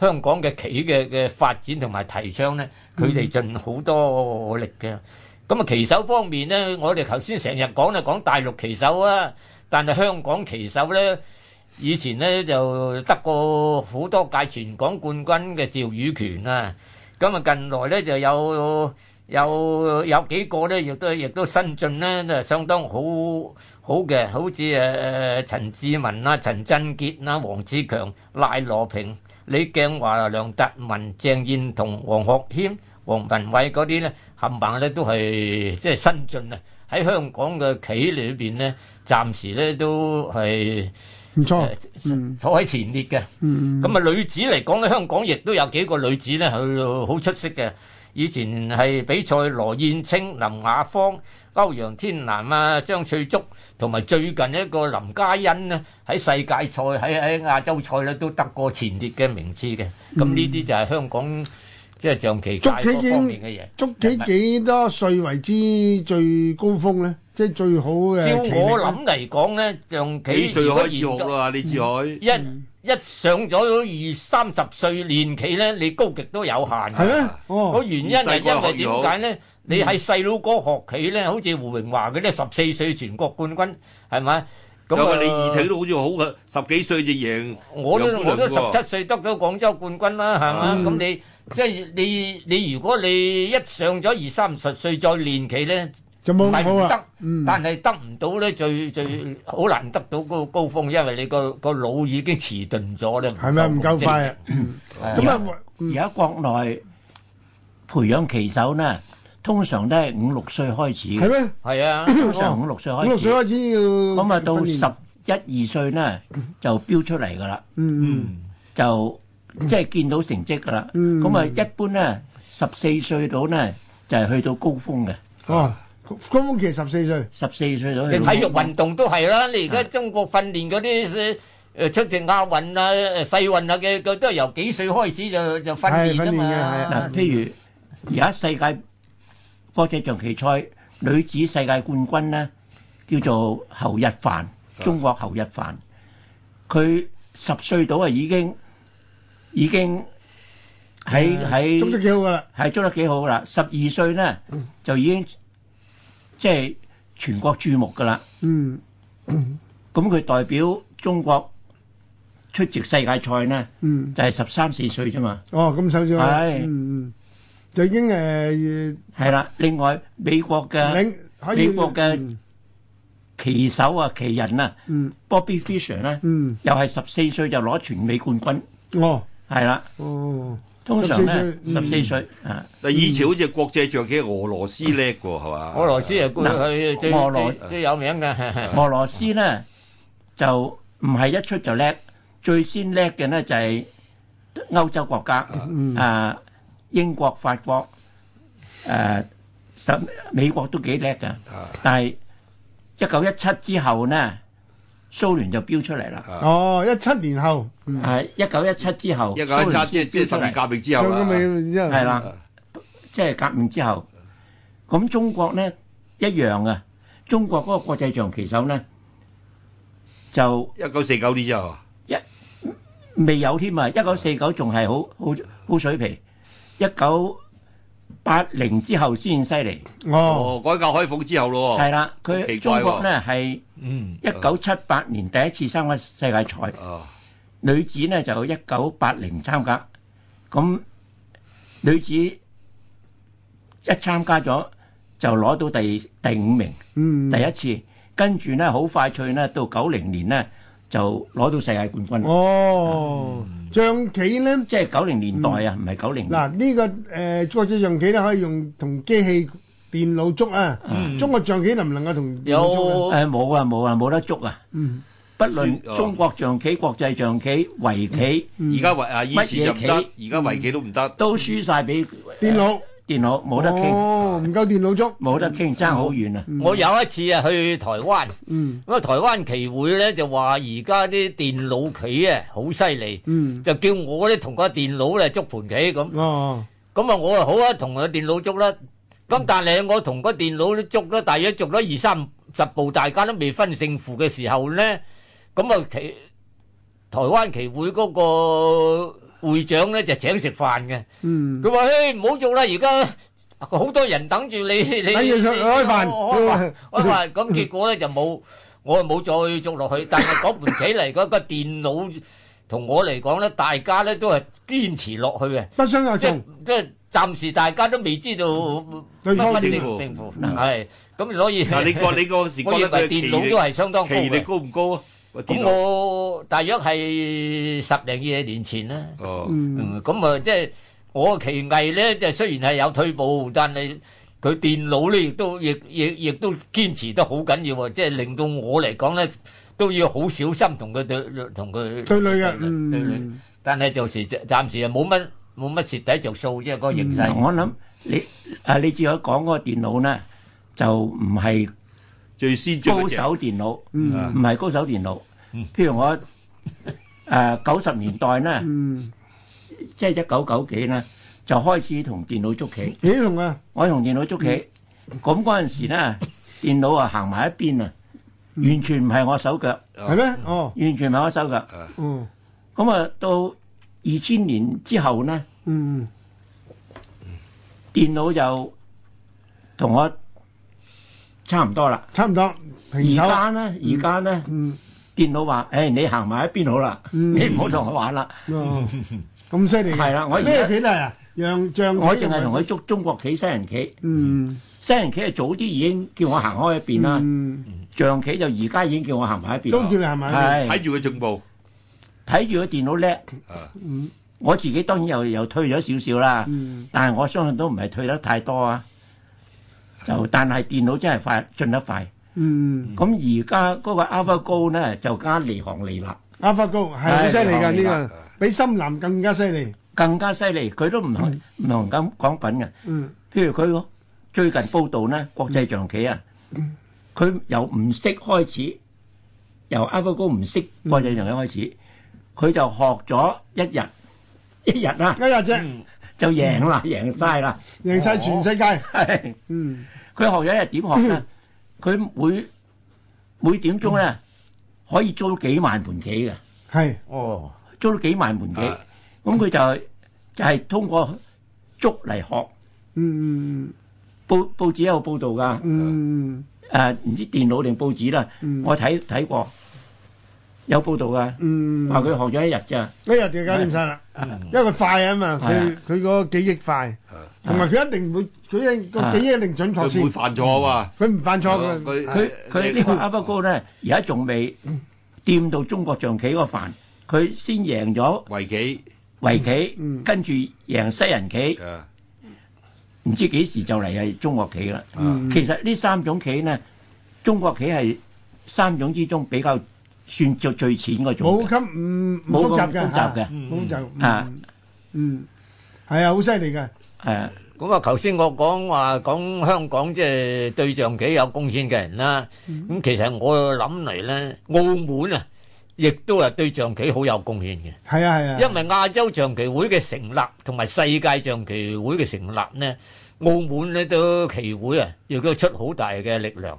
香港嘅棋嘅嘅發展同埋提倡咧，佢哋盡好多力嘅。咁啊，棋手方面咧，我哋頭先成日講咧講大陸棋手啊，但係香港棋手咧，以前咧就得過好多屆全港冠軍嘅趙汝權啊。咁啊，近來咧就有有有幾個咧，亦都亦都新進咧，都係相當好好嘅，好似誒誒陳志文啊、陳振傑啊、黃志強、賴羅平。李鏡華、梁達文、鄭燕同黃學謙、黃文偉嗰啲咧，冚唪唥都係即係新進啊！喺香港嘅棋裏邊咧，暫時咧都係唔錯，嗯，坐喺前列嘅。嗯嗯，咁啊女子嚟講咧，香港亦都有幾個女子咧，係好出色嘅。以前係比賽羅燕青、林雅芳，歐陽天南啊，張翠竹同埋最近一個林嘉欣咧，喺世界賽、喺喺亞洲賽咧都得過前列嘅名次嘅。咁呢啲就係香港即係象棋界嗰方面嘅嘢。捉棋幾
多歲為之最高峰咧？即係最好嘅。照我諗
嚟講咧，象棋幾歲可以學啦？李志海。一一上咗二三十歲練棋呢，你高極都有限嘅。係咩？嗰、oh. 原因係因為點解呢？嗯、你喺細佬哥學棋呢，好似胡榮華嗰啲十四歲全國冠軍，係咪咁？你二體都好
似好嘅，十幾歲就贏。我都我都十七
歲得咗廣州冠軍啦，係嘛？咁、uh. 你即係、就是、你你，你如果你一上咗二三十歲再練棋呢。唔係唔得，但係得唔到咧，最最好難得到個高峰，因為你個個腦已經遲鈍咗咧。係咪唔夠快啊？咁
啊，而家國內培養棋手咧，通常都係五六歲開始嘅。
係咩？係啊，通常五六歲開始。五六歲開始
要咁啊，到十一二歲咧就標出嚟噶啦。嗯嗯，就即係見到成績噶啦。咁啊，一般咧十四歲到咧就係去到高峰嘅。哦。高峰期十四歲，十四歲左右。你體育運動都係啦，你而家
中國訓練嗰啲誒出席亞運啊、世運啊嘅，佢都係由幾歲開始就就訓練㗎嘛。係訓練㗎，係嗱，譬
如而家世界國際象棋賽女子世界冠軍咧，叫做侯逸凡，中國侯逸凡，佢十歲到啊已經已經喺喺，捉得幾好㗎啦，係捉得幾好㗎啦。十二歲咧就已經。即係全國注目噶啦，嗯，咁佢代表中國出席世界賽咧，嗯，就係十三四歲啫嘛。
哦，咁首先，嗯嗯，就已經誒，係啦。
另外美國嘅美國嘅棋手啊，棋人啊，嗯，Bobby Fischer 咧，嗯，又係十四歲就攞全美冠軍。哦，係啦。哦。通常咧十四歲，但係以前
好似國際象棋，俄羅斯叻㗎，係嘛？俄羅斯啊，嗱佢最俄羅最
有名嘅
俄羅斯咧，就唔係一出就叻，最先叻嘅咧就係歐洲國家啊，英國、法國誒十美國都幾叻㗎，但係一九一七之後咧。蘇聯就飆出嚟啦！哦，
一七年後係
一九一七之後，一九一七即係即係十年革命之後啦，係啦，即係革命之後，咁中國咧一樣啊！中國嗰個國際象棋手咧就一九四九年之後，一未有添啊！一九四九仲係好好好水平，一九八零之後先犀利，哦
，oh, 改革開放之後咯，係啦，佢中國呢係一九七
八年第一次參加世界賽，uh, uh, 女子呢就一九八零參加，咁、嗯、女子一參加咗就攞到第第五名，嗯、第一次，跟住呢好快脆呢，到九零年呢，就攞到世界冠軍。Oh. 嗯象棋咧，即係九零年代啊，唔係九零。嗱
呢個誒國際象棋咧，可以用同機器電腦捉啊。中國象棋能唔能夠同電腦捉咧？
有誒冇啊冇啊冇得捉啊！嗯，不論中國象棋、國際象棋、圍棋，而家圍啊，以前都得，而家圍棋都唔得，都輸晒俾電腦。電腦冇得
傾，唔夠電
腦捉，冇得傾，爭好遠啊！我有
一次啊去台灣，咁啊台灣棋會咧就話而家啲電腦棋啊好犀利，就叫我啲同個電腦嚟捉盤棋咁。咁啊我啊好啊同個電腦捉啦。咁但係我同個電腦都捉咗，大約捉咗二三十步，大家都未分勝負嘅時候咧，咁啊棋台灣棋會嗰個。會長咧就請食飯嘅，佢話，誒，唔好捉啦，而家好多人等住你，你開飯。開飯，咁結果咧就冇，我冇再捉落去。但係嗰盤棋嚟，嗰個電腦同我嚟講咧，大家咧都係堅持落去嘅。不相而終，即係暫時大家都未知道乜分勝負。係，咁所以嗱，你個你個時我覺得電腦都係相當高嘅。高唔高啊？點我，我大約係十零廿年前啦，咁啊，即係、哦嗯嗯、我嘅棋藝咧，即係雖然係有退步，但係佢電腦咧亦都亦亦亦都堅持得好緊要，即、就、係、是、令到我嚟講咧都要好小心同佢對同佢對壘啊！對壘，嗯、但係就是暫時暫時啊冇乜冇乜蝕底着數，即係嗰個形勢、嗯。我諗你啊，你只可講嗰個電
腦咧就唔係。最先進嘅高手電腦，唔唔係高手電腦。譬如我誒九十年代咧，即係一九九幾咧，就開始同電腦捉棋。你同啊？我同電腦捉棋。咁嗰陣時咧，電腦啊行埋一邊啊，完全唔係我手腳。係咩？哦，完全唔係我手腳。嗯。咁啊，到二千年之後咧，嗯，電腦就同我。差唔多啦，差唔多。而家咧，而家咧，電腦話，誒，你行埋一邊好啦，你唔好同我玩啦。咁犀利！係啦，我而家咩棋咧？
讓象棋，我淨係同佢
捉中國棋、西人棋。西人棋係早啲已經叫我行開一邊啦。象棋就而家已經叫我行埋一邊。都叫你行埋一邊，睇住佢進步，睇住個電腦叻。我自己當然又又退咗少少啦，但係我相信都唔係退得太多啊。就但係電腦真係快進得快，嗯，咁而家嗰個 AlphaGo 咧就加離行離立，AlphaGo 係好犀利㗎呢個，
比深藍更加犀利，嗯、
更加犀利，佢都唔同唔同咁講品嘅，嗯，譬如佢最近報導呢國際象棋啊，佢、嗯、由唔識開始，由 AlphaGo 唔識國際象棋開始，佢、嗯、就學咗一日，一日啊，一日啫。就贏啦，贏曬啦，贏曬全世界。嗯，佢學咗一日點學咧？佢每每點鐘咧，可以租幾萬盤棋嘅。係哦，租幾萬盤棋，咁佢就就係通過捉嚟學。嗯嗯嗯。報報紙有報道㗎。嗯嗯
嗯。
誒，唔知電腦定報紙啦。嗯。我睇睇過有報道㗎。嗯。話佢學咗一日咋。
一日點解贏曬啦？因為佢快啊嘛，佢佢個記憶快，同埋佢一定會，佢個記憶一定準確
先，會犯錯啊。佢唔犯錯噶。佢佢呢個阿波哥咧，而家仲未掂到中國象棋嗰個範，佢先贏咗圍棋，圍棋跟住贏西人棋，唔知幾時就嚟係中國棋啦。其實呢三種棋呢，中國棋係三種之中比較。算做最淺嗰種，冇級唔唔複雜嘅，冇咁複雜嘅，冇就啊，嗯，係啊，
好犀利
㗎，係啊，咁啊頭先我講話講香港即係對象棋有貢獻嘅人啦，咁其實我諗嚟咧，澳門啊，亦都係對象棋好有貢獻嘅，
係啊係啊，因
為亞洲象棋會嘅成立同埋世界象棋會嘅成立咧，澳門咧都棋會啊，亦都出好大嘅力量。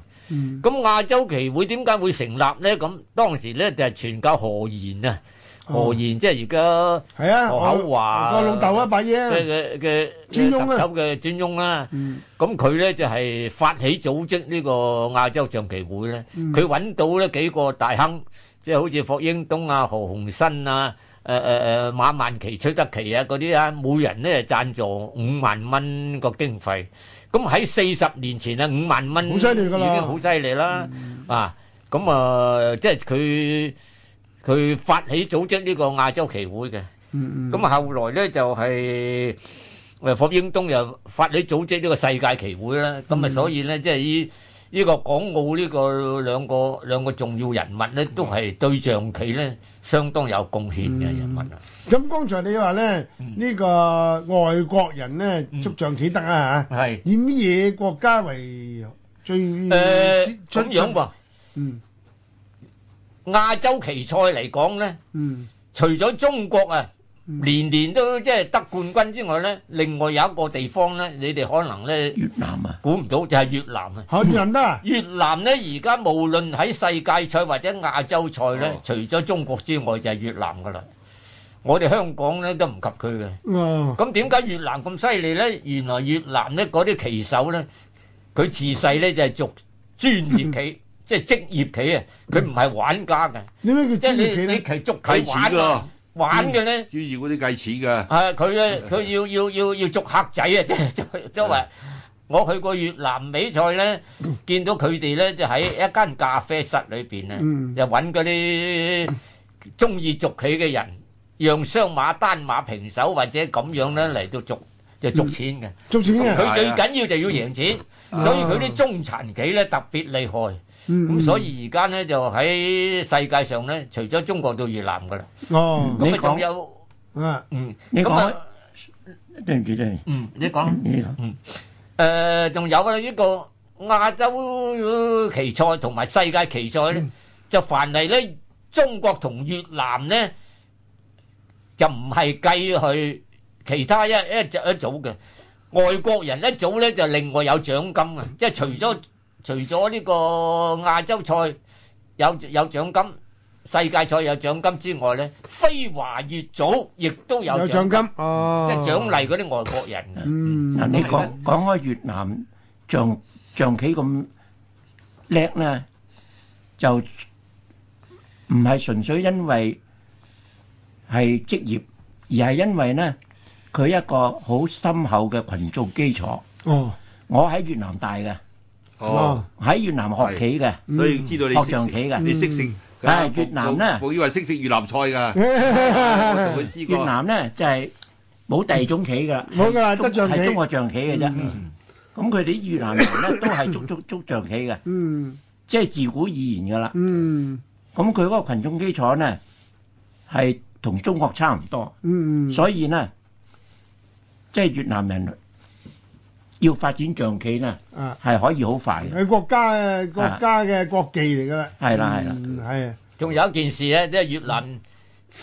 咁亞洲棋會點解會成立咧？咁當時咧就係全靠何賢啊，何賢即係而家何厚鏵嘅老豆
啊，伯爺啊，
嘅嘅尊翁啦，特首嘅尊翁啦。咁佢咧就係發起組織呢個亞洲象棋會咧。佢揾到咧幾個大亨，即係好似霍英東啊、何鴻燊啊、誒誒誒馬萬祺、崔德祺啊嗰啲啊，每人咧係贊助五萬蚊個經費。咁喺四十年前啊，五萬蚊已經好犀利啦！啊，咁啊、呃，即係佢佢發起組織呢個亞洲棋會嘅。咁、嗯嗯、後來咧就係、是、誒霍英東又發起組織呢個世界棋會啦。咁啊、嗯嗯，所以咧即係呢依個港澳呢個兩個兩個重要人物咧，都係對象棋咧，相當有貢獻嘅人物啊！
咁剛才你話咧，呢個外國人咧捉象棋得啊嚇，係以乜嘢國家
為最？誒咁樣喎，嗯，亞洲棋賽嚟講咧，嗯，除咗中國啊。年年都即係得冠軍之外呢，另外有一個地方呢，你哋可能呢越南啊，估唔到就係越南啊，吓人啦！越南呢而家無論喺世界賽或者亞洲賽呢，除咗中國之外就係越南噶啦。我哋香港呢都唔及佢嘅。哦，咁點解越南咁犀利呢？原來越南呢嗰啲棋手呢，佢自細呢就係做專業棋，即係職業棋啊，佢唔係玩家嘅。點解叫專業棋呢？棋捉棋玩噶。玩嘅咧，主要嗰啲計錢噶，係佢咧，佢要要要要捉客仔啊！即係周圍，我去過越南比賽咧，見到佢哋咧就喺一間咖啡室裏邊咧，又搵嗰啲中意捉棋嘅人，讓雙馬單馬平手或者咁樣咧嚟到捉就捉錢嘅，捉錢佢、啊、捉最緊要就要贏錢，嗯、所以佢啲中殘棋咧特別厲害。咁所以而家咧就喺世界上咧，除咗中國到越南噶啦，哦，咁啊仲有，嗯嗯，咁啊，
對唔住你，嗯，你講，嗯，
誒，仲有啊，呢個亞洲棋賽同埋世界棋賽咧，就凡係咧中國同越南咧，就唔係計去其他一一組嘅外國人一組咧，就另外有獎金啊，即係除咗。除咗呢個亞洲賽有有獎金，世界賽有獎金之外咧，非華裔組亦都有獎金，
即係獎勵嗰啲外國人嘅。嗱，你講講開越南象象棋咁叻咧，就唔係純粹因為係職業，而係因為咧佢一個好深厚嘅羣眾基礎。我喺越南大嘅。
哦，喺越南學棋嘅，所以知道你學象棋嘅，你識食。啊，越南咧，我以為識食越南菜㗎。越南
咧就係冇第二種棋㗎啦，係中國象棋㗎啫。
咁佢哋啲越南人咧
都係捉捉捉象棋嘅，即係自古而然㗎啦。咁佢嗰個羣眾基礎咧係同中國差唔多，所以咧即係越南人。要發展象棋咧，係
可以好快
嘅。係國家嘅國家嘅國技嚟噶啦。係啦係啦，係。
仲有一件事咧，即係越南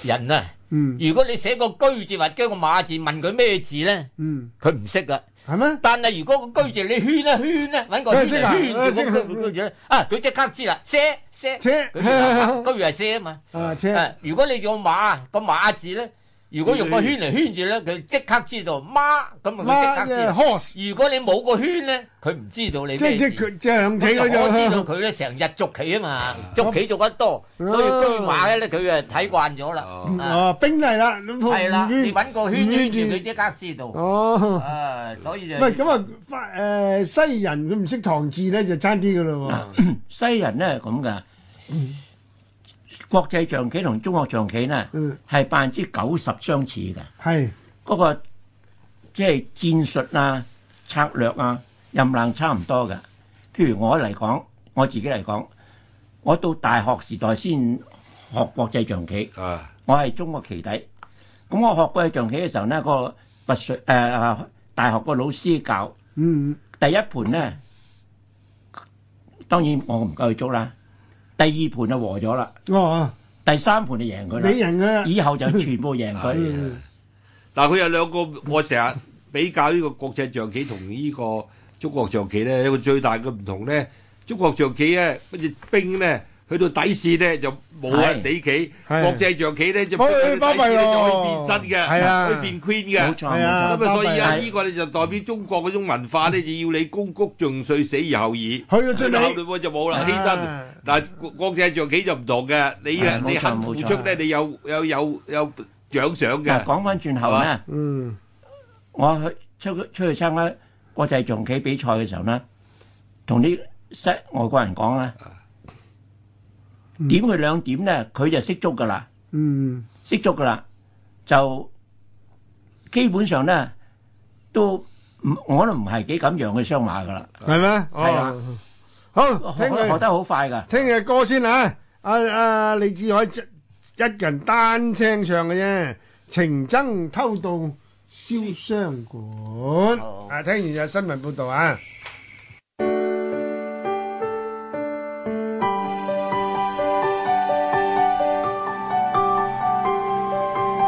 人啊。嗯。如果你寫個居字或者個馬字問佢咩字咧？嗯。佢唔識噶。係咩？但係如果個居字你圈一圈咧，揾個圈圈住個居字咧，啊佢即刻知啦，車車。車。居係車啊嘛。啊，車。如果你做馬個馬字咧？如果用個圈嚟圈住咧，佢即刻知道馬咁啊！馬即刻 horse。如果你冇個圈咧，佢唔知道你咩字。即係即係即佢就知道佢咧，成日捉棋啊嘛，捉棋捉得多，所以駒馬咧佢啊睇慣咗啦。哦，
兵嚟啦，係啦，你搵個圈圈住佢，即
刻知道。哦，所以就唔係咁
啊？翻、嗯、西人佢唔識唐字咧，就差啲噶咯喎。
西人咧，係咁㗎。國際象棋同中國象棋呢，係百分之九十相似嘅。係嗰個即係戰術啊、策略啊、任量差唔多嘅。譬如我嚟講，我自己嚟講，我到大學時代先學國際象棋。啊、我係中國棋底，咁我學國際象棋嘅時候呢，嗰個學誒、呃、大學個老師教。嗯、第一盤呢，當然我唔夠佢捉啦。第二盤就和咗啦，哦、第三盤就贏佢啦，你贏以後就全部贏佢
啦 是。嗱，佢有兩個我成日比較呢個國際象棋同呢個中國象棋咧，有個最大嘅唔同咧，中國象棋咧嗰隻兵咧去到底線咧就。冇啊！死棋，國際象棋咧就可以變身嘅，可以變 queen 嘅。冇錯，咁啊，所以啊，依個咧就代表中國嗰種文化咧，就要你鞠躬盡瘁，死而後已。係啊，最屘就冇啦，犧牲。但係國際象棋就唔同嘅，你啊，你行付出咧，你有有有有獎賞嘅。講翻轉頭咧，嗯，
我去出出去參加國際象棋比賽嘅時候咧，同啲 set 外國人講咧。點佢兩點呢，佢就識足噶啦，識足噶啦，就基本上呢都唔我都唔係幾敢讓佢雙馬噶啦，係咪啊？係
啊，好聽佢學得好快噶。聽日歌先啦，阿阿李志海一一人單聲唱嘅啫，情僧偷渡燒傷館。啊聽完就新聞報道啊。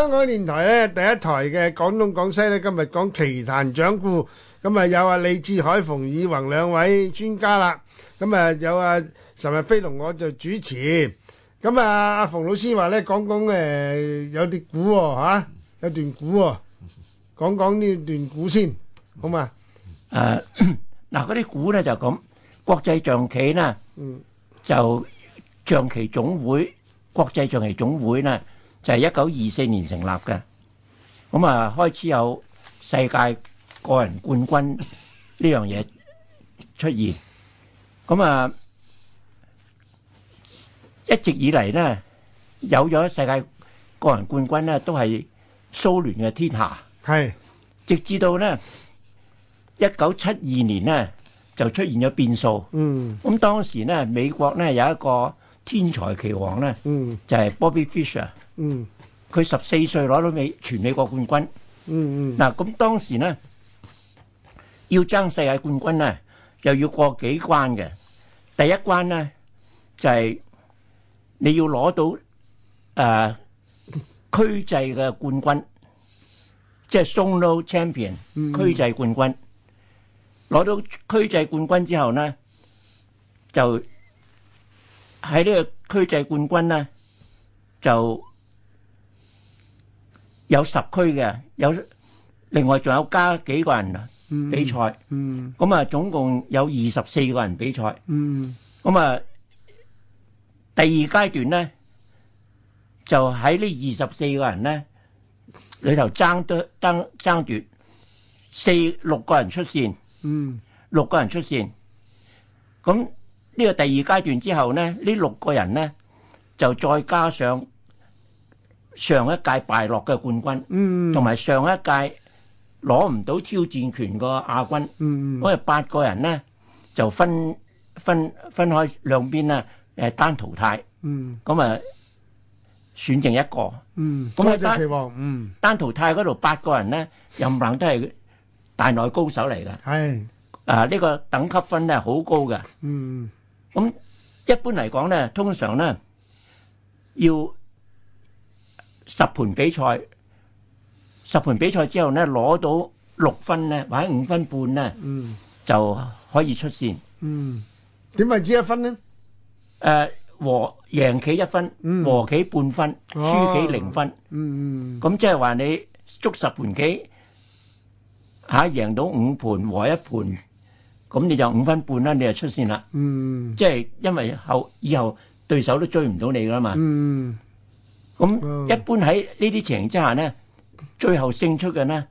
香港電台咧第一台嘅廣東廣西咧，今日講棋壇掌故，咁啊有阿李志海、馮以浤兩位專家啦，咁啊有阿岑逸飛跟我就主持，咁啊阿馮老師話咧講講誒有啲古吓，有段古，講講呢段古先，好嘛？誒，嗱嗰
啲古咧就咁，國際象棋
咧，
就象棋總會，國際象棋總會咧。就係一九二四年成立嘅，咁、嗯、啊開始有世界個人冠軍呢樣嘢出現，咁、嗯、啊一直以嚟呢，有咗世界個人冠軍呢，都係蘇聯嘅天下。係直至到呢，一九七二年呢，就出現咗變數。嗯，咁、嗯、當時呢，美國呢有一個天才棋王呢，嗯、就係 Bobby Fischer。嗯，佢十四歲攞到美全美國冠軍。嗯嗯。嗱，咁當時呢，要爭世界冠軍啊，又要過幾關嘅。第一關呢就係你要攞到誒區制嘅冠軍，即係 zone champion 區制冠軍。攞到區制冠軍之後呢，就喺呢個區制冠軍呢就。有十區嘅，有另外仲有加幾個人比賽，咁啊、嗯嗯、總共有二十四個人比賽，咁啊、嗯、第二階段咧就喺呢二十四個人咧裏頭爭奪爭爭奪四六個人出線，六個人出線，咁呢、嗯、個第二階段之後咧呢六個人咧就再加上。上一屆敗落嘅冠軍，嗯，同埋上一屆攞唔到挑戰權個亞軍，嗯，嗯，咁啊八個人呢就分分分開兩邊咧，誒，單淘汰，嗯，咁啊選剩一個，嗯，
咁啊單，嗯，
單淘汰嗰度八個人咧，任憑都係大內高手嚟噶，係是，啊呢、這個等級分咧好高噶，
嗯，
咁、嗯、一般嚟講呢，通常呢要。十盤比賽，十盤比賽之後咧，攞到六分咧，或者五分半咧，就可以出線。點為止一分咧？誒，和贏棋一分，和棋半分，輸棋零分。咁即係話你捉十盤棋，吓贏到五盤和一盤，咁你就五分半啦，你就出線啦。即係因為後以後對手都追唔到你噶啦嘛。咁一般喺呢啲情形之下咧，最後勝出嘅咧，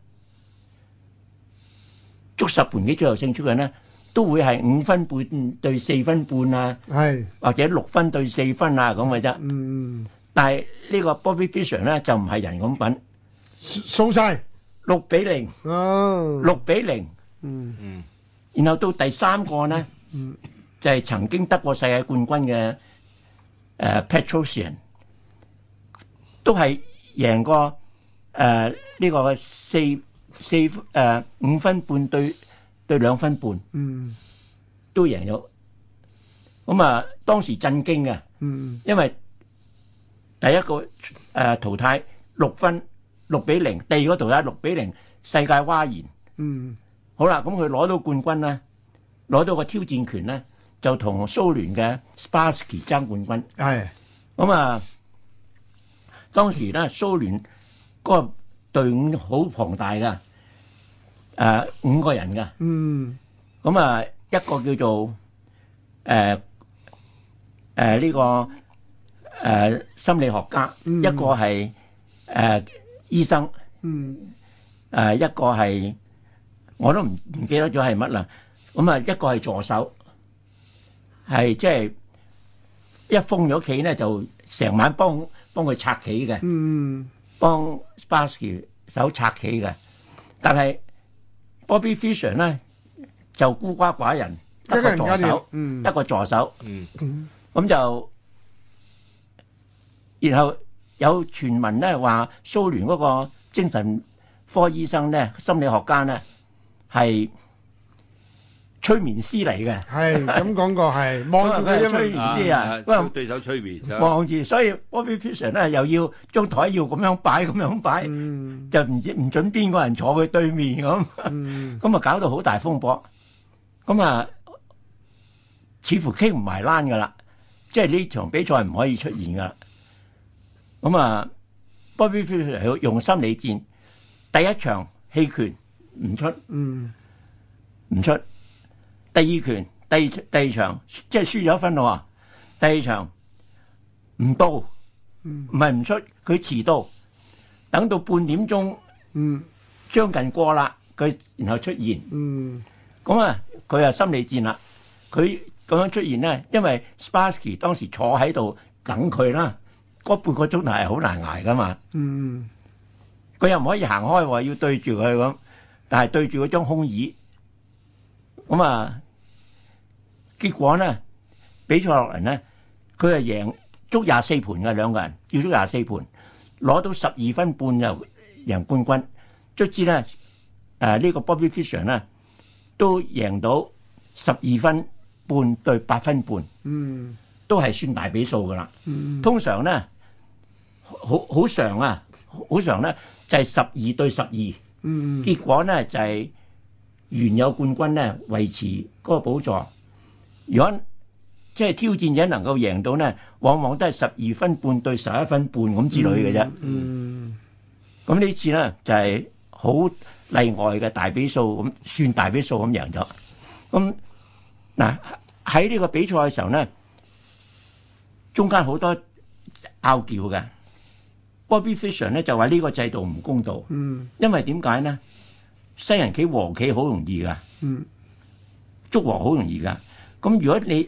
捉十盤嘅最後勝出嘅咧，都會係五分半對四分半啊，或者六分對四分啊咁嘅啫。嗯嗯。但係呢個 Bobby Fischer 咧就唔係人咁品，掃曬六比零，六比零。嗯嗯。然後到第三個咧，就係曾經得過世界冠軍嘅誒 Petrosian。都係贏過誒呢個四四誒五分半對對兩分半，嗯，都贏咗。咁啊，當時震驚嘅，嗯，因為第一個誒淘汰六分六比零，第二嗰淘汰六比零，世界嘩然，嗯，好啦，咁佢攞到冠軍咧，攞到個挑戰權咧，就同蘇聯嘅 Spassky 爭冠軍，係，咁啊。當時咧，蘇聯嗰個隊伍好龐大嘅，誒五個人嘅。嗯。咁啊，一個叫做誒誒呢個誒心理學家，一個係誒醫生。嗯。誒一個係我都唔唔記得咗係乜啦。咁啊，一個係助手，係即係一封咗屋企咧，就成晚幫。幫佢拆棋
嘅，
幫、嗯、Spassky 手拆棋嘅，但係 Bobby Fischer 咧就孤家寡人，
一個助手，一個，嗯、一個助手，
咁、嗯嗯、就然後有傳聞咧話蘇聯嗰個精神科醫生咧、心理學家咧係。催眠師嚟嘅係咁講過，係望住佢做催眠師
啊。對手催眠望
住，所以 Bobby Fischer 咧又要張台要咁樣擺，咁樣擺就唔唔準邊個人坐佢對面咁，咁啊搞到好大風波。咁啊，似乎傾唔埋欄噶啦，即係呢場比賽唔可以出現噶。咁啊，Bobby Fischer 用心理戰，第一場棄權唔出，唔出。第二拳，第第二場即係輸咗一分咯喎。第二場唔到，唔係唔出，佢遲到，等到半點鐘，嗯、將近過啦，佢然後出現。咁、嗯、啊，佢啊心理戰啦。佢咁樣出現呢，因為 Spassky 當時坐喺度等佢啦，嗰半個鐘頭係好難捱噶嘛。佢、嗯、又唔可以行開喎、啊，要對住佢咁，但係對住嗰張空椅。咁啊，結果咧，比賽落嚟咧，佢係贏足廿四盤嘅兩個人，要足廿四盤攞到十二分半就贏冠軍。卒之咧，誒、啊這個、呢個 Bobby Fischer 咧都贏到十二分半對八分半，嗯，mm. 都係算大比數噶啦。Mm. 通常咧，好好常啊，好常咧就係十二對十二，
嗯，
結果咧就係、是。原有冠軍咧維持嗰個寶座，如果即係挑戰者能夠贏到咧，往往都係十二分半對十一分半咁之類嘅啫，嗯。嗯，咁呢次呢，就係、是、好例外嘅大比數咁，算大比數咁贏咗。咁嗱喺呢個比賽嘅時候呢，中間好多拗撬嘅。Bobby Fisher 呢就話呢個制度唔公道。嗯，因為點解呢？西人棋和棋好容易㗎，嗯，捉和好容易㗎。咁如果你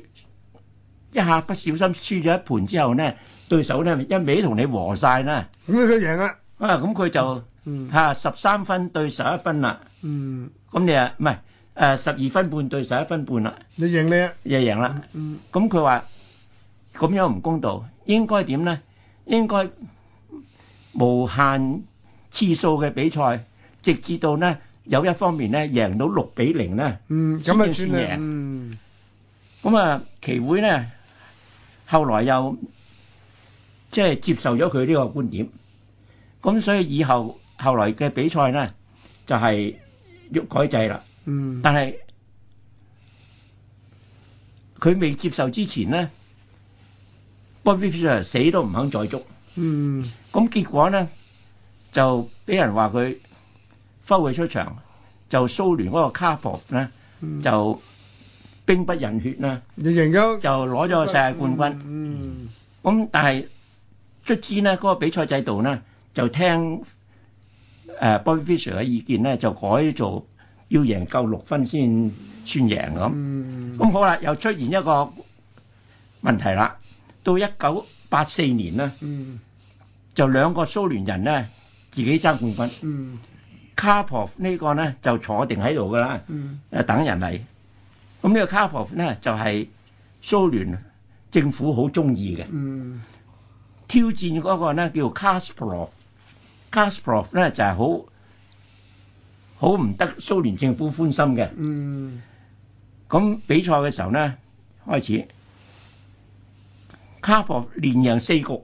一下不小心輸咗一盤之後咧，對手咧一味同你和晒咧，咁佢都贏啦。啊，咁佢就吓十三分對十一分啦。嗯，咁你啊唔係誒十二分半對十一分半啦。你贏咧，又贏啦。嗯，咁佢話咁樣唔公道，應該點咧？應該無限次數嘅比賽，直至到咧。有一方面咧，贏到六比零咧，
先算贏。
咁啊，棋會咧，後來又即係接受咗佢呢個觀點。咁所以以後後來嘅比賽咧，就係要改制啦。但係佢未接受之前咧，Bobby Fischer 死都唔肯再捉。咁結果咧，就俾人話佢。花卉出場就蘇聯嗰個卡波夫咧就兵不刃血啦。你贏咗，就攞咗世界冠軍。咁、嗯嗯嗯、但係卒之呢，嗰、那個比賽制度呢，就聽誒、呃、Bob Fischer 嘅意見呢，就改做要贏夠六分先算贏咁。咁、嗯、好啦，又出現一個問題啦。到一九八四年咧，嗯、就兩個蘇聯人呢，自己爭冠軍。嗯卡婆呢個咧就坐定喺度噶啦，誒等人嚟。咁呢個 Karpov 咧就係蘇聯政府好中意嘅。挑戰嗰個咧叫 Kasparov，Kasparov 咧就係好好唔得蘇聯政府歡心嘅。咁比賽嘅時候咧開始，Karpov 連贏四局，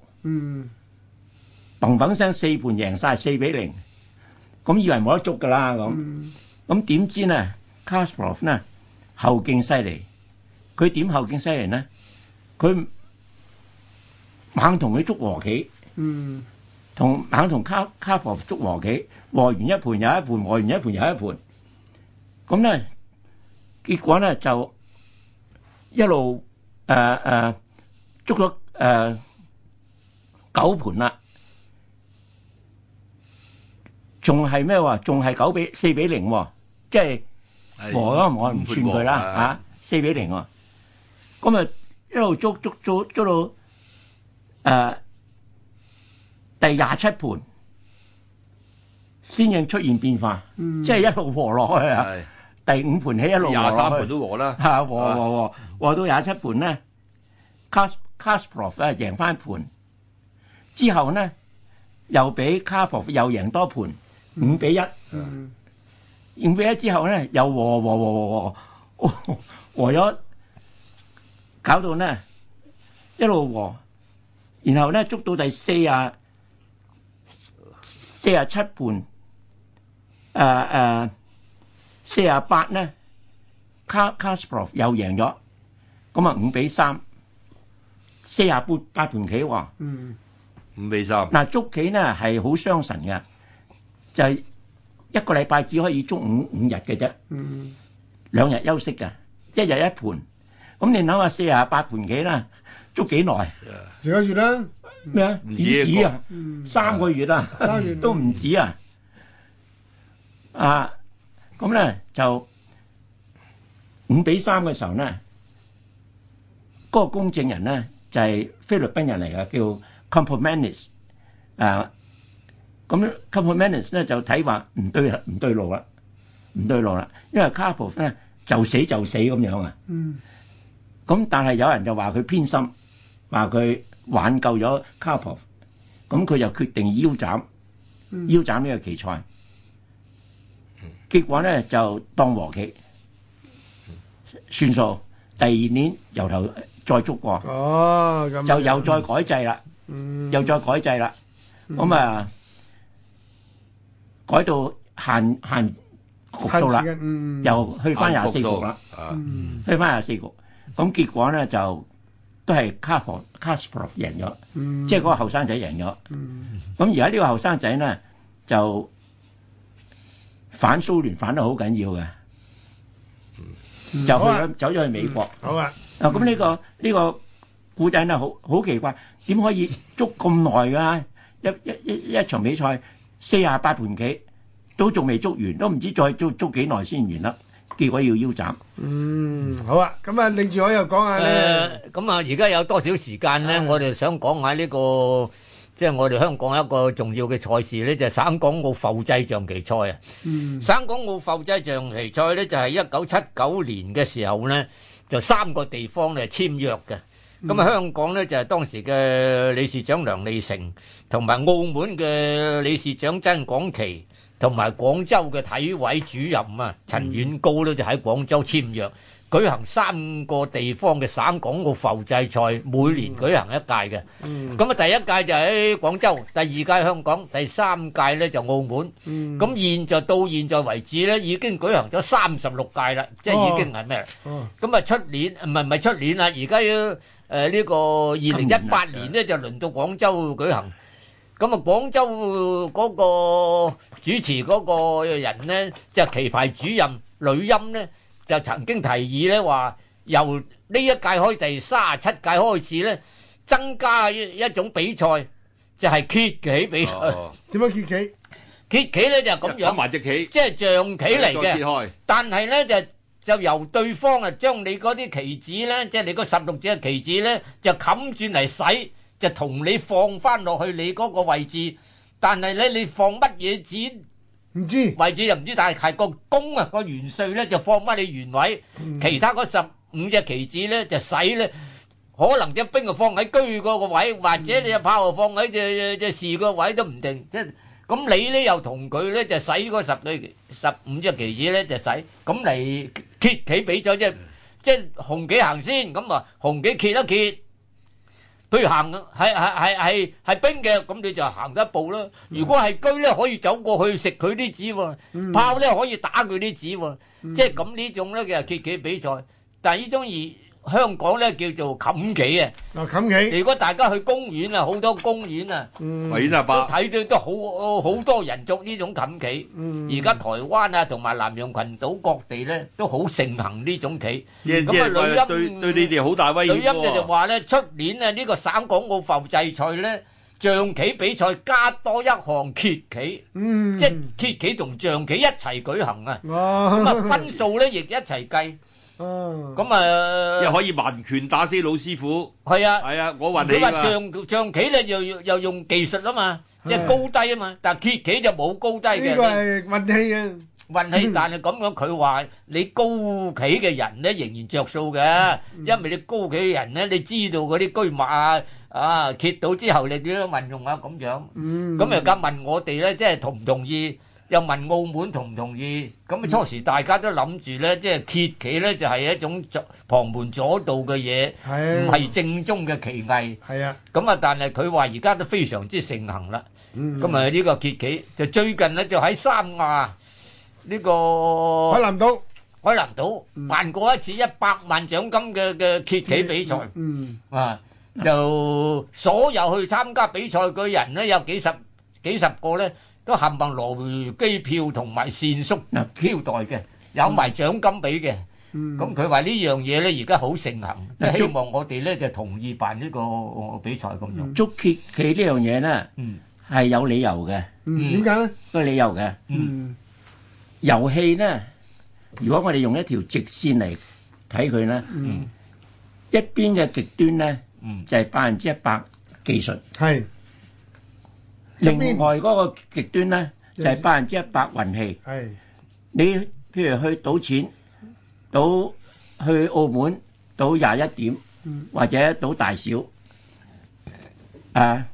砰砰聲四盤贏曬，四比零。咁以為冇得捉㗎啦，咁咁點知呢？卡斯珀夫呢後勁犀利，佢點後勁犀利呢？佢猛同佢捉和棋，同猛同卡卡斯珀捉和棋，和完一盤又一盤，和完一盤又一盤，咁呢，結果呢就一路誒誒捉咗誒九盤啦。仲係咩話？仲係九比四比零、啊，即係和、啊哎、我唔算佢啦嚇，四、哎啊、比零、啊。咁啊一路捉捉捉捉到誒、啊、第廿七盤先至出現變化，嗯、即係一路和落去啊！哎、第五盤起一路和落去，廿三盤都和啦，嚇、啊、和和和、啊、和到廿七盤咧，cas cas prof 啊贏翻盤之後咧又俾 cas prof 又贏多盤。五比一，五比一之後咧，又和和和和和和咗，搞到咧一路和，然後咧捉到第四啊四啊七盤，誒誒四啊八咧，卡卡斯普羅又贏咗，咁啊五比三，四啊八八盤棋喎，五比三。嗱捉棋咧係好傷神嘅。就係一個禮拜只可以捉五五日嘅啫，兩日休息嘅，一日一盤。咁你諗下四十八盤幾啦？捉幾耐？四個月啦？咩啊？唔止啊！三個月啊，都唔止啊！啊，咁咧就五比三嘅時候咧，嗰個公證人咧就係菲律賓人嚟嘅，叫 Campomanes 啊。咁 Campomanes 咧就睇話唔對唔對路啦，唔對路啦，因為 Karpov 咧就死就死咁樣啊。嗯。咁但係有人就話佢偏心，話佢挽救咗 Karpov，咁佢就決定腰斬，腰斬呢個棋賽。嗯。結果咧就當和棋，算數。第二年由頭再捉過。哦，咁。就又再改制啦。
嗯。又再改制啦。咁啊。
改到限限局數啦，又去翻廿四局啦，去翻廿四局，咁結果咧就都係卡普卡斯普贏咗，即係嗰個後生仔贏咗。咁而家呢個後生仔咧就反蘇聯反得好緊要嘅，
就去
咗走咗去美國。好啊，啊咁呢個呢個古仔咧好好奇怪，點可以捉咁耐㗎？一一一一場比賽。四廿八盤棋都仲未捉完，都唔知再捉捉幾耐先完啦。結果要腰斬。嗯，
好啊，咁啊，李志海又講下咧。咁啊，而家有多少時間咧？我哋想講下呢個，即係我哋香港一個重要嘅賽事咧，就係省港澳埠際象棋賽啊。嗯。省港澳埠際象棋賽咧，就係一九七九年嘅時候咧，就三個地方嚟簽約嘅。
咁啊，香
港咧就係當時嘅理事長梁利成。同埋澳門嘅理事長曾廣琪，同埋廣州嘅體委主任啊陳遠高咧就喺廣州簽約，舉行三個地方嘅省港澳埠際賽，每年舉行一屆嘅。咁啊，第一屆就喺廣州，第二屆香港，第三屆咧就澳門。咁現在到現在為止咧，已經舉行咗三十六屆啦，即係已經係咩啦？咁啊，出年唔係唔係出年啦，而家要誒呢個二零一八年咧就輪到廣州舉行。咁啊，廣州嗰個主持嗰個人咧，即係棋牌主任呂欽咧，就曾經提議咧話，由呢一屆開第三十七屆開始咧，增加一一種比賽，就係揭棋比賽。點樣揭棋？揭棋咧就咁樣，冚埋隻棋，即係象棋嚟嘅，但係咧就就由對方啊將你嗰啲棋子咧，即係你嗰十六隻棋子咧，就冚轉嚟洗。就同你放翻落去你嗰個位置，但係咧你放乜嘢子唔知，位置又唔知，但係係個弓啊個元帥咧就放翻你原位，其他嗰十五隻棋子咧就使咧，可能隻兵啊放喺居嗰個位，或者你隻炮啊放喺隻隻士個位都唔定，即係咁你咧又同佢咧就使嗰十對十五隻棋子咧就使，咁嚟揭棋比賽，即係即係紅棋行先，咁啊紅棋揭一揭。譬如行係係係係兵嘅，咁你就行得一步啦。如果係車咧，可以走過去食佢啲子喎，炮咧可以打佢啲子喎，即係咁呢種咧就係揭揭比賽。但係呢種而。香港咧叫做冚棋啊，嗱冚棋。如果大家去公園啊，好多公園啊，都睇到都好好多人做呢種冚棋。而家台灣啊，同埋南洋群島各地咧，都好盛行呢種棋。咁啊，對於
對你哋好大威嚴。對於咧就
話咧，出年咧呢個省港澳埠際賽咧，象棋比賽加多一項揭棋，即係揭棋同
象棋一齊舉行
啊。咁啊分數咧亦一齊計。哦，咁啊，
又可以盲拳打死老師傅，係啊，係啊，我運你啊！你話象
象棋咧，又又用技術啊嘛，即係高低啊嘛，但揭棋就冇高低嘅。呢個係運氣啊，運氣。但係咁樣佢話你高棋嘅人咧，仍然着數嘅，因為你高棋嘅人咧，你知道嗰啲駒馬啊啊揭到之後你點樣運用啊咁樣。嗯。咁而家問我哋咧，即係同唔同意？又問澳門同唔同意？咁初時大家都諗住呢，嗯、即係揭棋呢，就係一種旁門左道嘅嘢，唔係、啊、正宗嘅棋藝。係啊，咁啊，但係佢話而家都非常之盛行啦。
咁啊、嗯嗯，
呢個揭棋就最近呢，就喺三亞呢個海南島，海南島辦、嗯、過一次一百萬獎金嘅嘅揭棋比賽。啊，就所有去參加比賽嘅人呢，有幾十幾十、幾十個呢。都冚唪唥攞機票同埋線縮招待嘅，有埋獎金俾嘅。咁佢話呢樣嘢咧，而家好盛行。希望我哋咧就同意辦呢個比賽咁樣。足協
嘅呢樣嘢咧，係有理由嘅。點解咧？個有理由嘅。遊戲咧，如果我哋用一條直線嚟睇佢咧，一邊嘅極端咧就係百分之一百技術。
係。另
外嗰個極端咧，就係百分之一百運氣。係是你譬如去賭錢，賭去澳門賭廿一點，嗯、或者賭大小，誒、啊，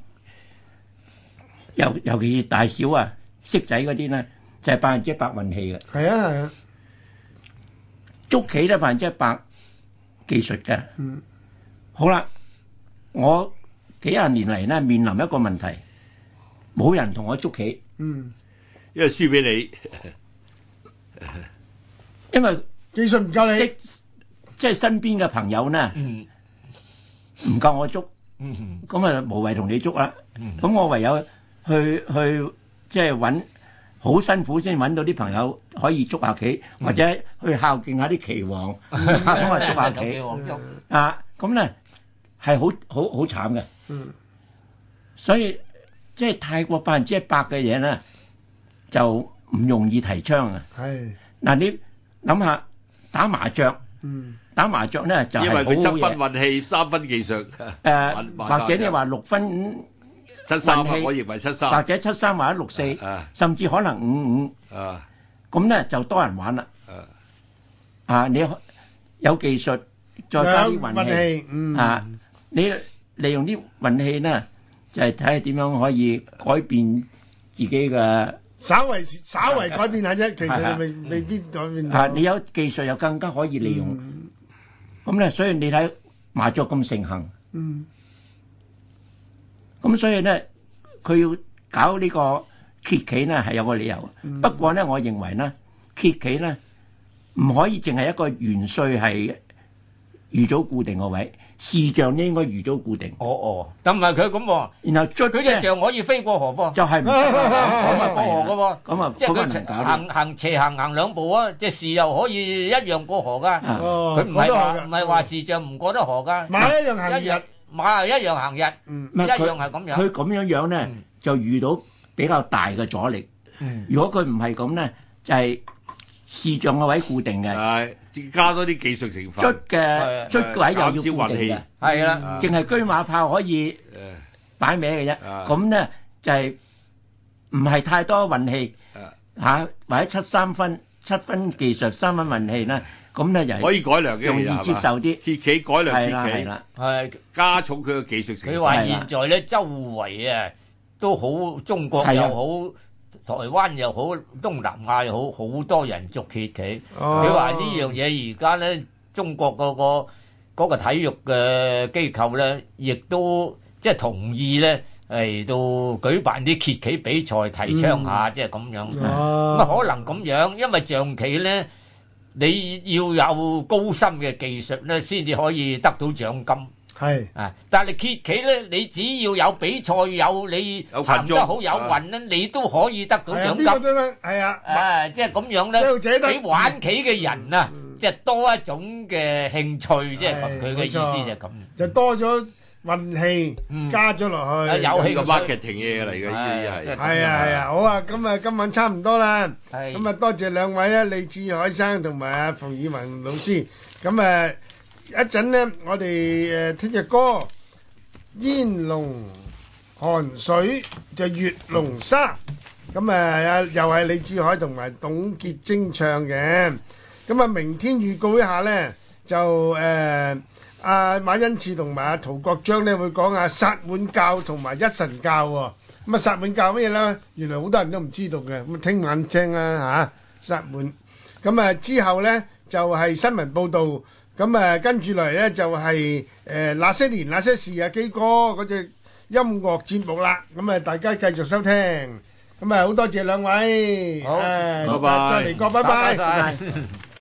尤尤其是大小啊，骰仔嗰啲咧，就係、是、百分之一百運氣嘅。係啊係啊，捉棋都百分之一百技術嘅。嗯。好啦，我幾廿年嚟咧，面臨一個問題。冇人同我捉棋，
嗯，因為輸俾你，因為技術唔夠你，即係
身邊嘅朋友咧，唔夠我捉，咁啊無謂同你捉啦，咁我唯有去去即係搵，好辛苦先搵到啲朋友可以捉下棋，或者去孝敬下啲棋王，咁啊捉下棋，啊咁咧係好好好慘嘅，嗯，所以。即係太過百分之一百嘅嘢咧，就唔容易提倡啊！係嗱，你諗下打麻雀，打麻雀咧就因為佢七分
運氣，三分技術。誒，或者你話六分七三，我認為七三。或者七三或者六四，
甚至可能五五。啊，咁咧就多人玩啦。啊，你有技術再加啲運氣。啊，你利用啲運氣咧。就係睇下點樣可以改變自己嘅，稍
為稍為改變下啫，其實未未必改變。嚇，你
有技術又更加可以利用。咁咧，所以你睇馬卓咁盛行。嗯。咁所以咧，佢要搞呢個揭棋咧，係有個理由。不過咧，我認為咧，揭棋咧，唔可以淨係一個元帥係預早固定個位。視像咧應該預早固定。哦哦，
咁唔係佢咁。然後再舉隻象可以飛過河噃，就係唔出咁咪過河噶喎。咁啊，即係佢行行斜行行兩步啊，即隻視又可以一樣過河噶。佢唔係話唔係話視像唔過得河噶。馬一樣行日，馬係一樣行日，一樣係咁樣。佢
咁樣樣咧，就遇到比較大嘅阻力。如果佢唔係咁咧，就係視像嘅位固定嘅。係。加多啲技術成分，卒嘅卒位又要運氣，係啦，淨係車馬炮可以擺明嘅啫。咁咧就係唔係太多運氣吓，或者七三分，七分技術三分運氣啦。咁咧又可以改良嘅嘢係嘛？容易接
受
啲鐵器，改
良鐵器係啦係啦，係加重佢嘅技術成分。佢話現在咧周
圍啊都好，中國又好。台灣又好，東南亞又好，好多人捉揭棋。佢話、oh. 呢樣嘢而家呢中國嗰、那個嗰、那個、體育嘅機構呢，亦都即係、就是、同意呢，嚟到舉辦啲揭棋比賽，提倡下即係咁樣。咁、oh. 嗯、可能咁樣，因為象棋呢，你要有高深嘅技術呢，先至可以得到獎金。係啊，但係揭棋咧，你只要有比賽，有你行得好，有運咧，你都可以得到獎金。係啊，即係咁樣咧，俾玩棋嘅人啊，即係多一種嘅興
趣，即係佢嘅意思就咁。
就多咗運氣加咗落去。有氣嘅
marketing 嘢，嚟嘅呢啲係。係啊係啊，
好啊，咁啊今晚差唔多啦。咁啊多謝兩位啊，李志海生同埋啊馮以浤老師。咁啊。一陣咧，我哋誒聽隻歌《煙龍寒水》就《月龍沙》，咁啊又係李志海同埋董潔晶唱嘅。咁啊，明天預告一下咧，就誒阿馬恩賜同埋阿陶國章咧會講下薩滿教同埋一神教喎。咁啊，薩滿教咩嘢啦？原來好多人都唔知道嘅，咁聽聞聲啦嚇薩滿。咁啊，之後咧就係新聞報道。咁誒跟住嚟呢就係誒那些年那些事啊，基哥嗰隻、那個、音樂節目啦。咁、嗯、誒大家繼續收聽。咁誒好多謝兩位。好，拜拜，啊，再嚟過 Bye bye.，拜拜。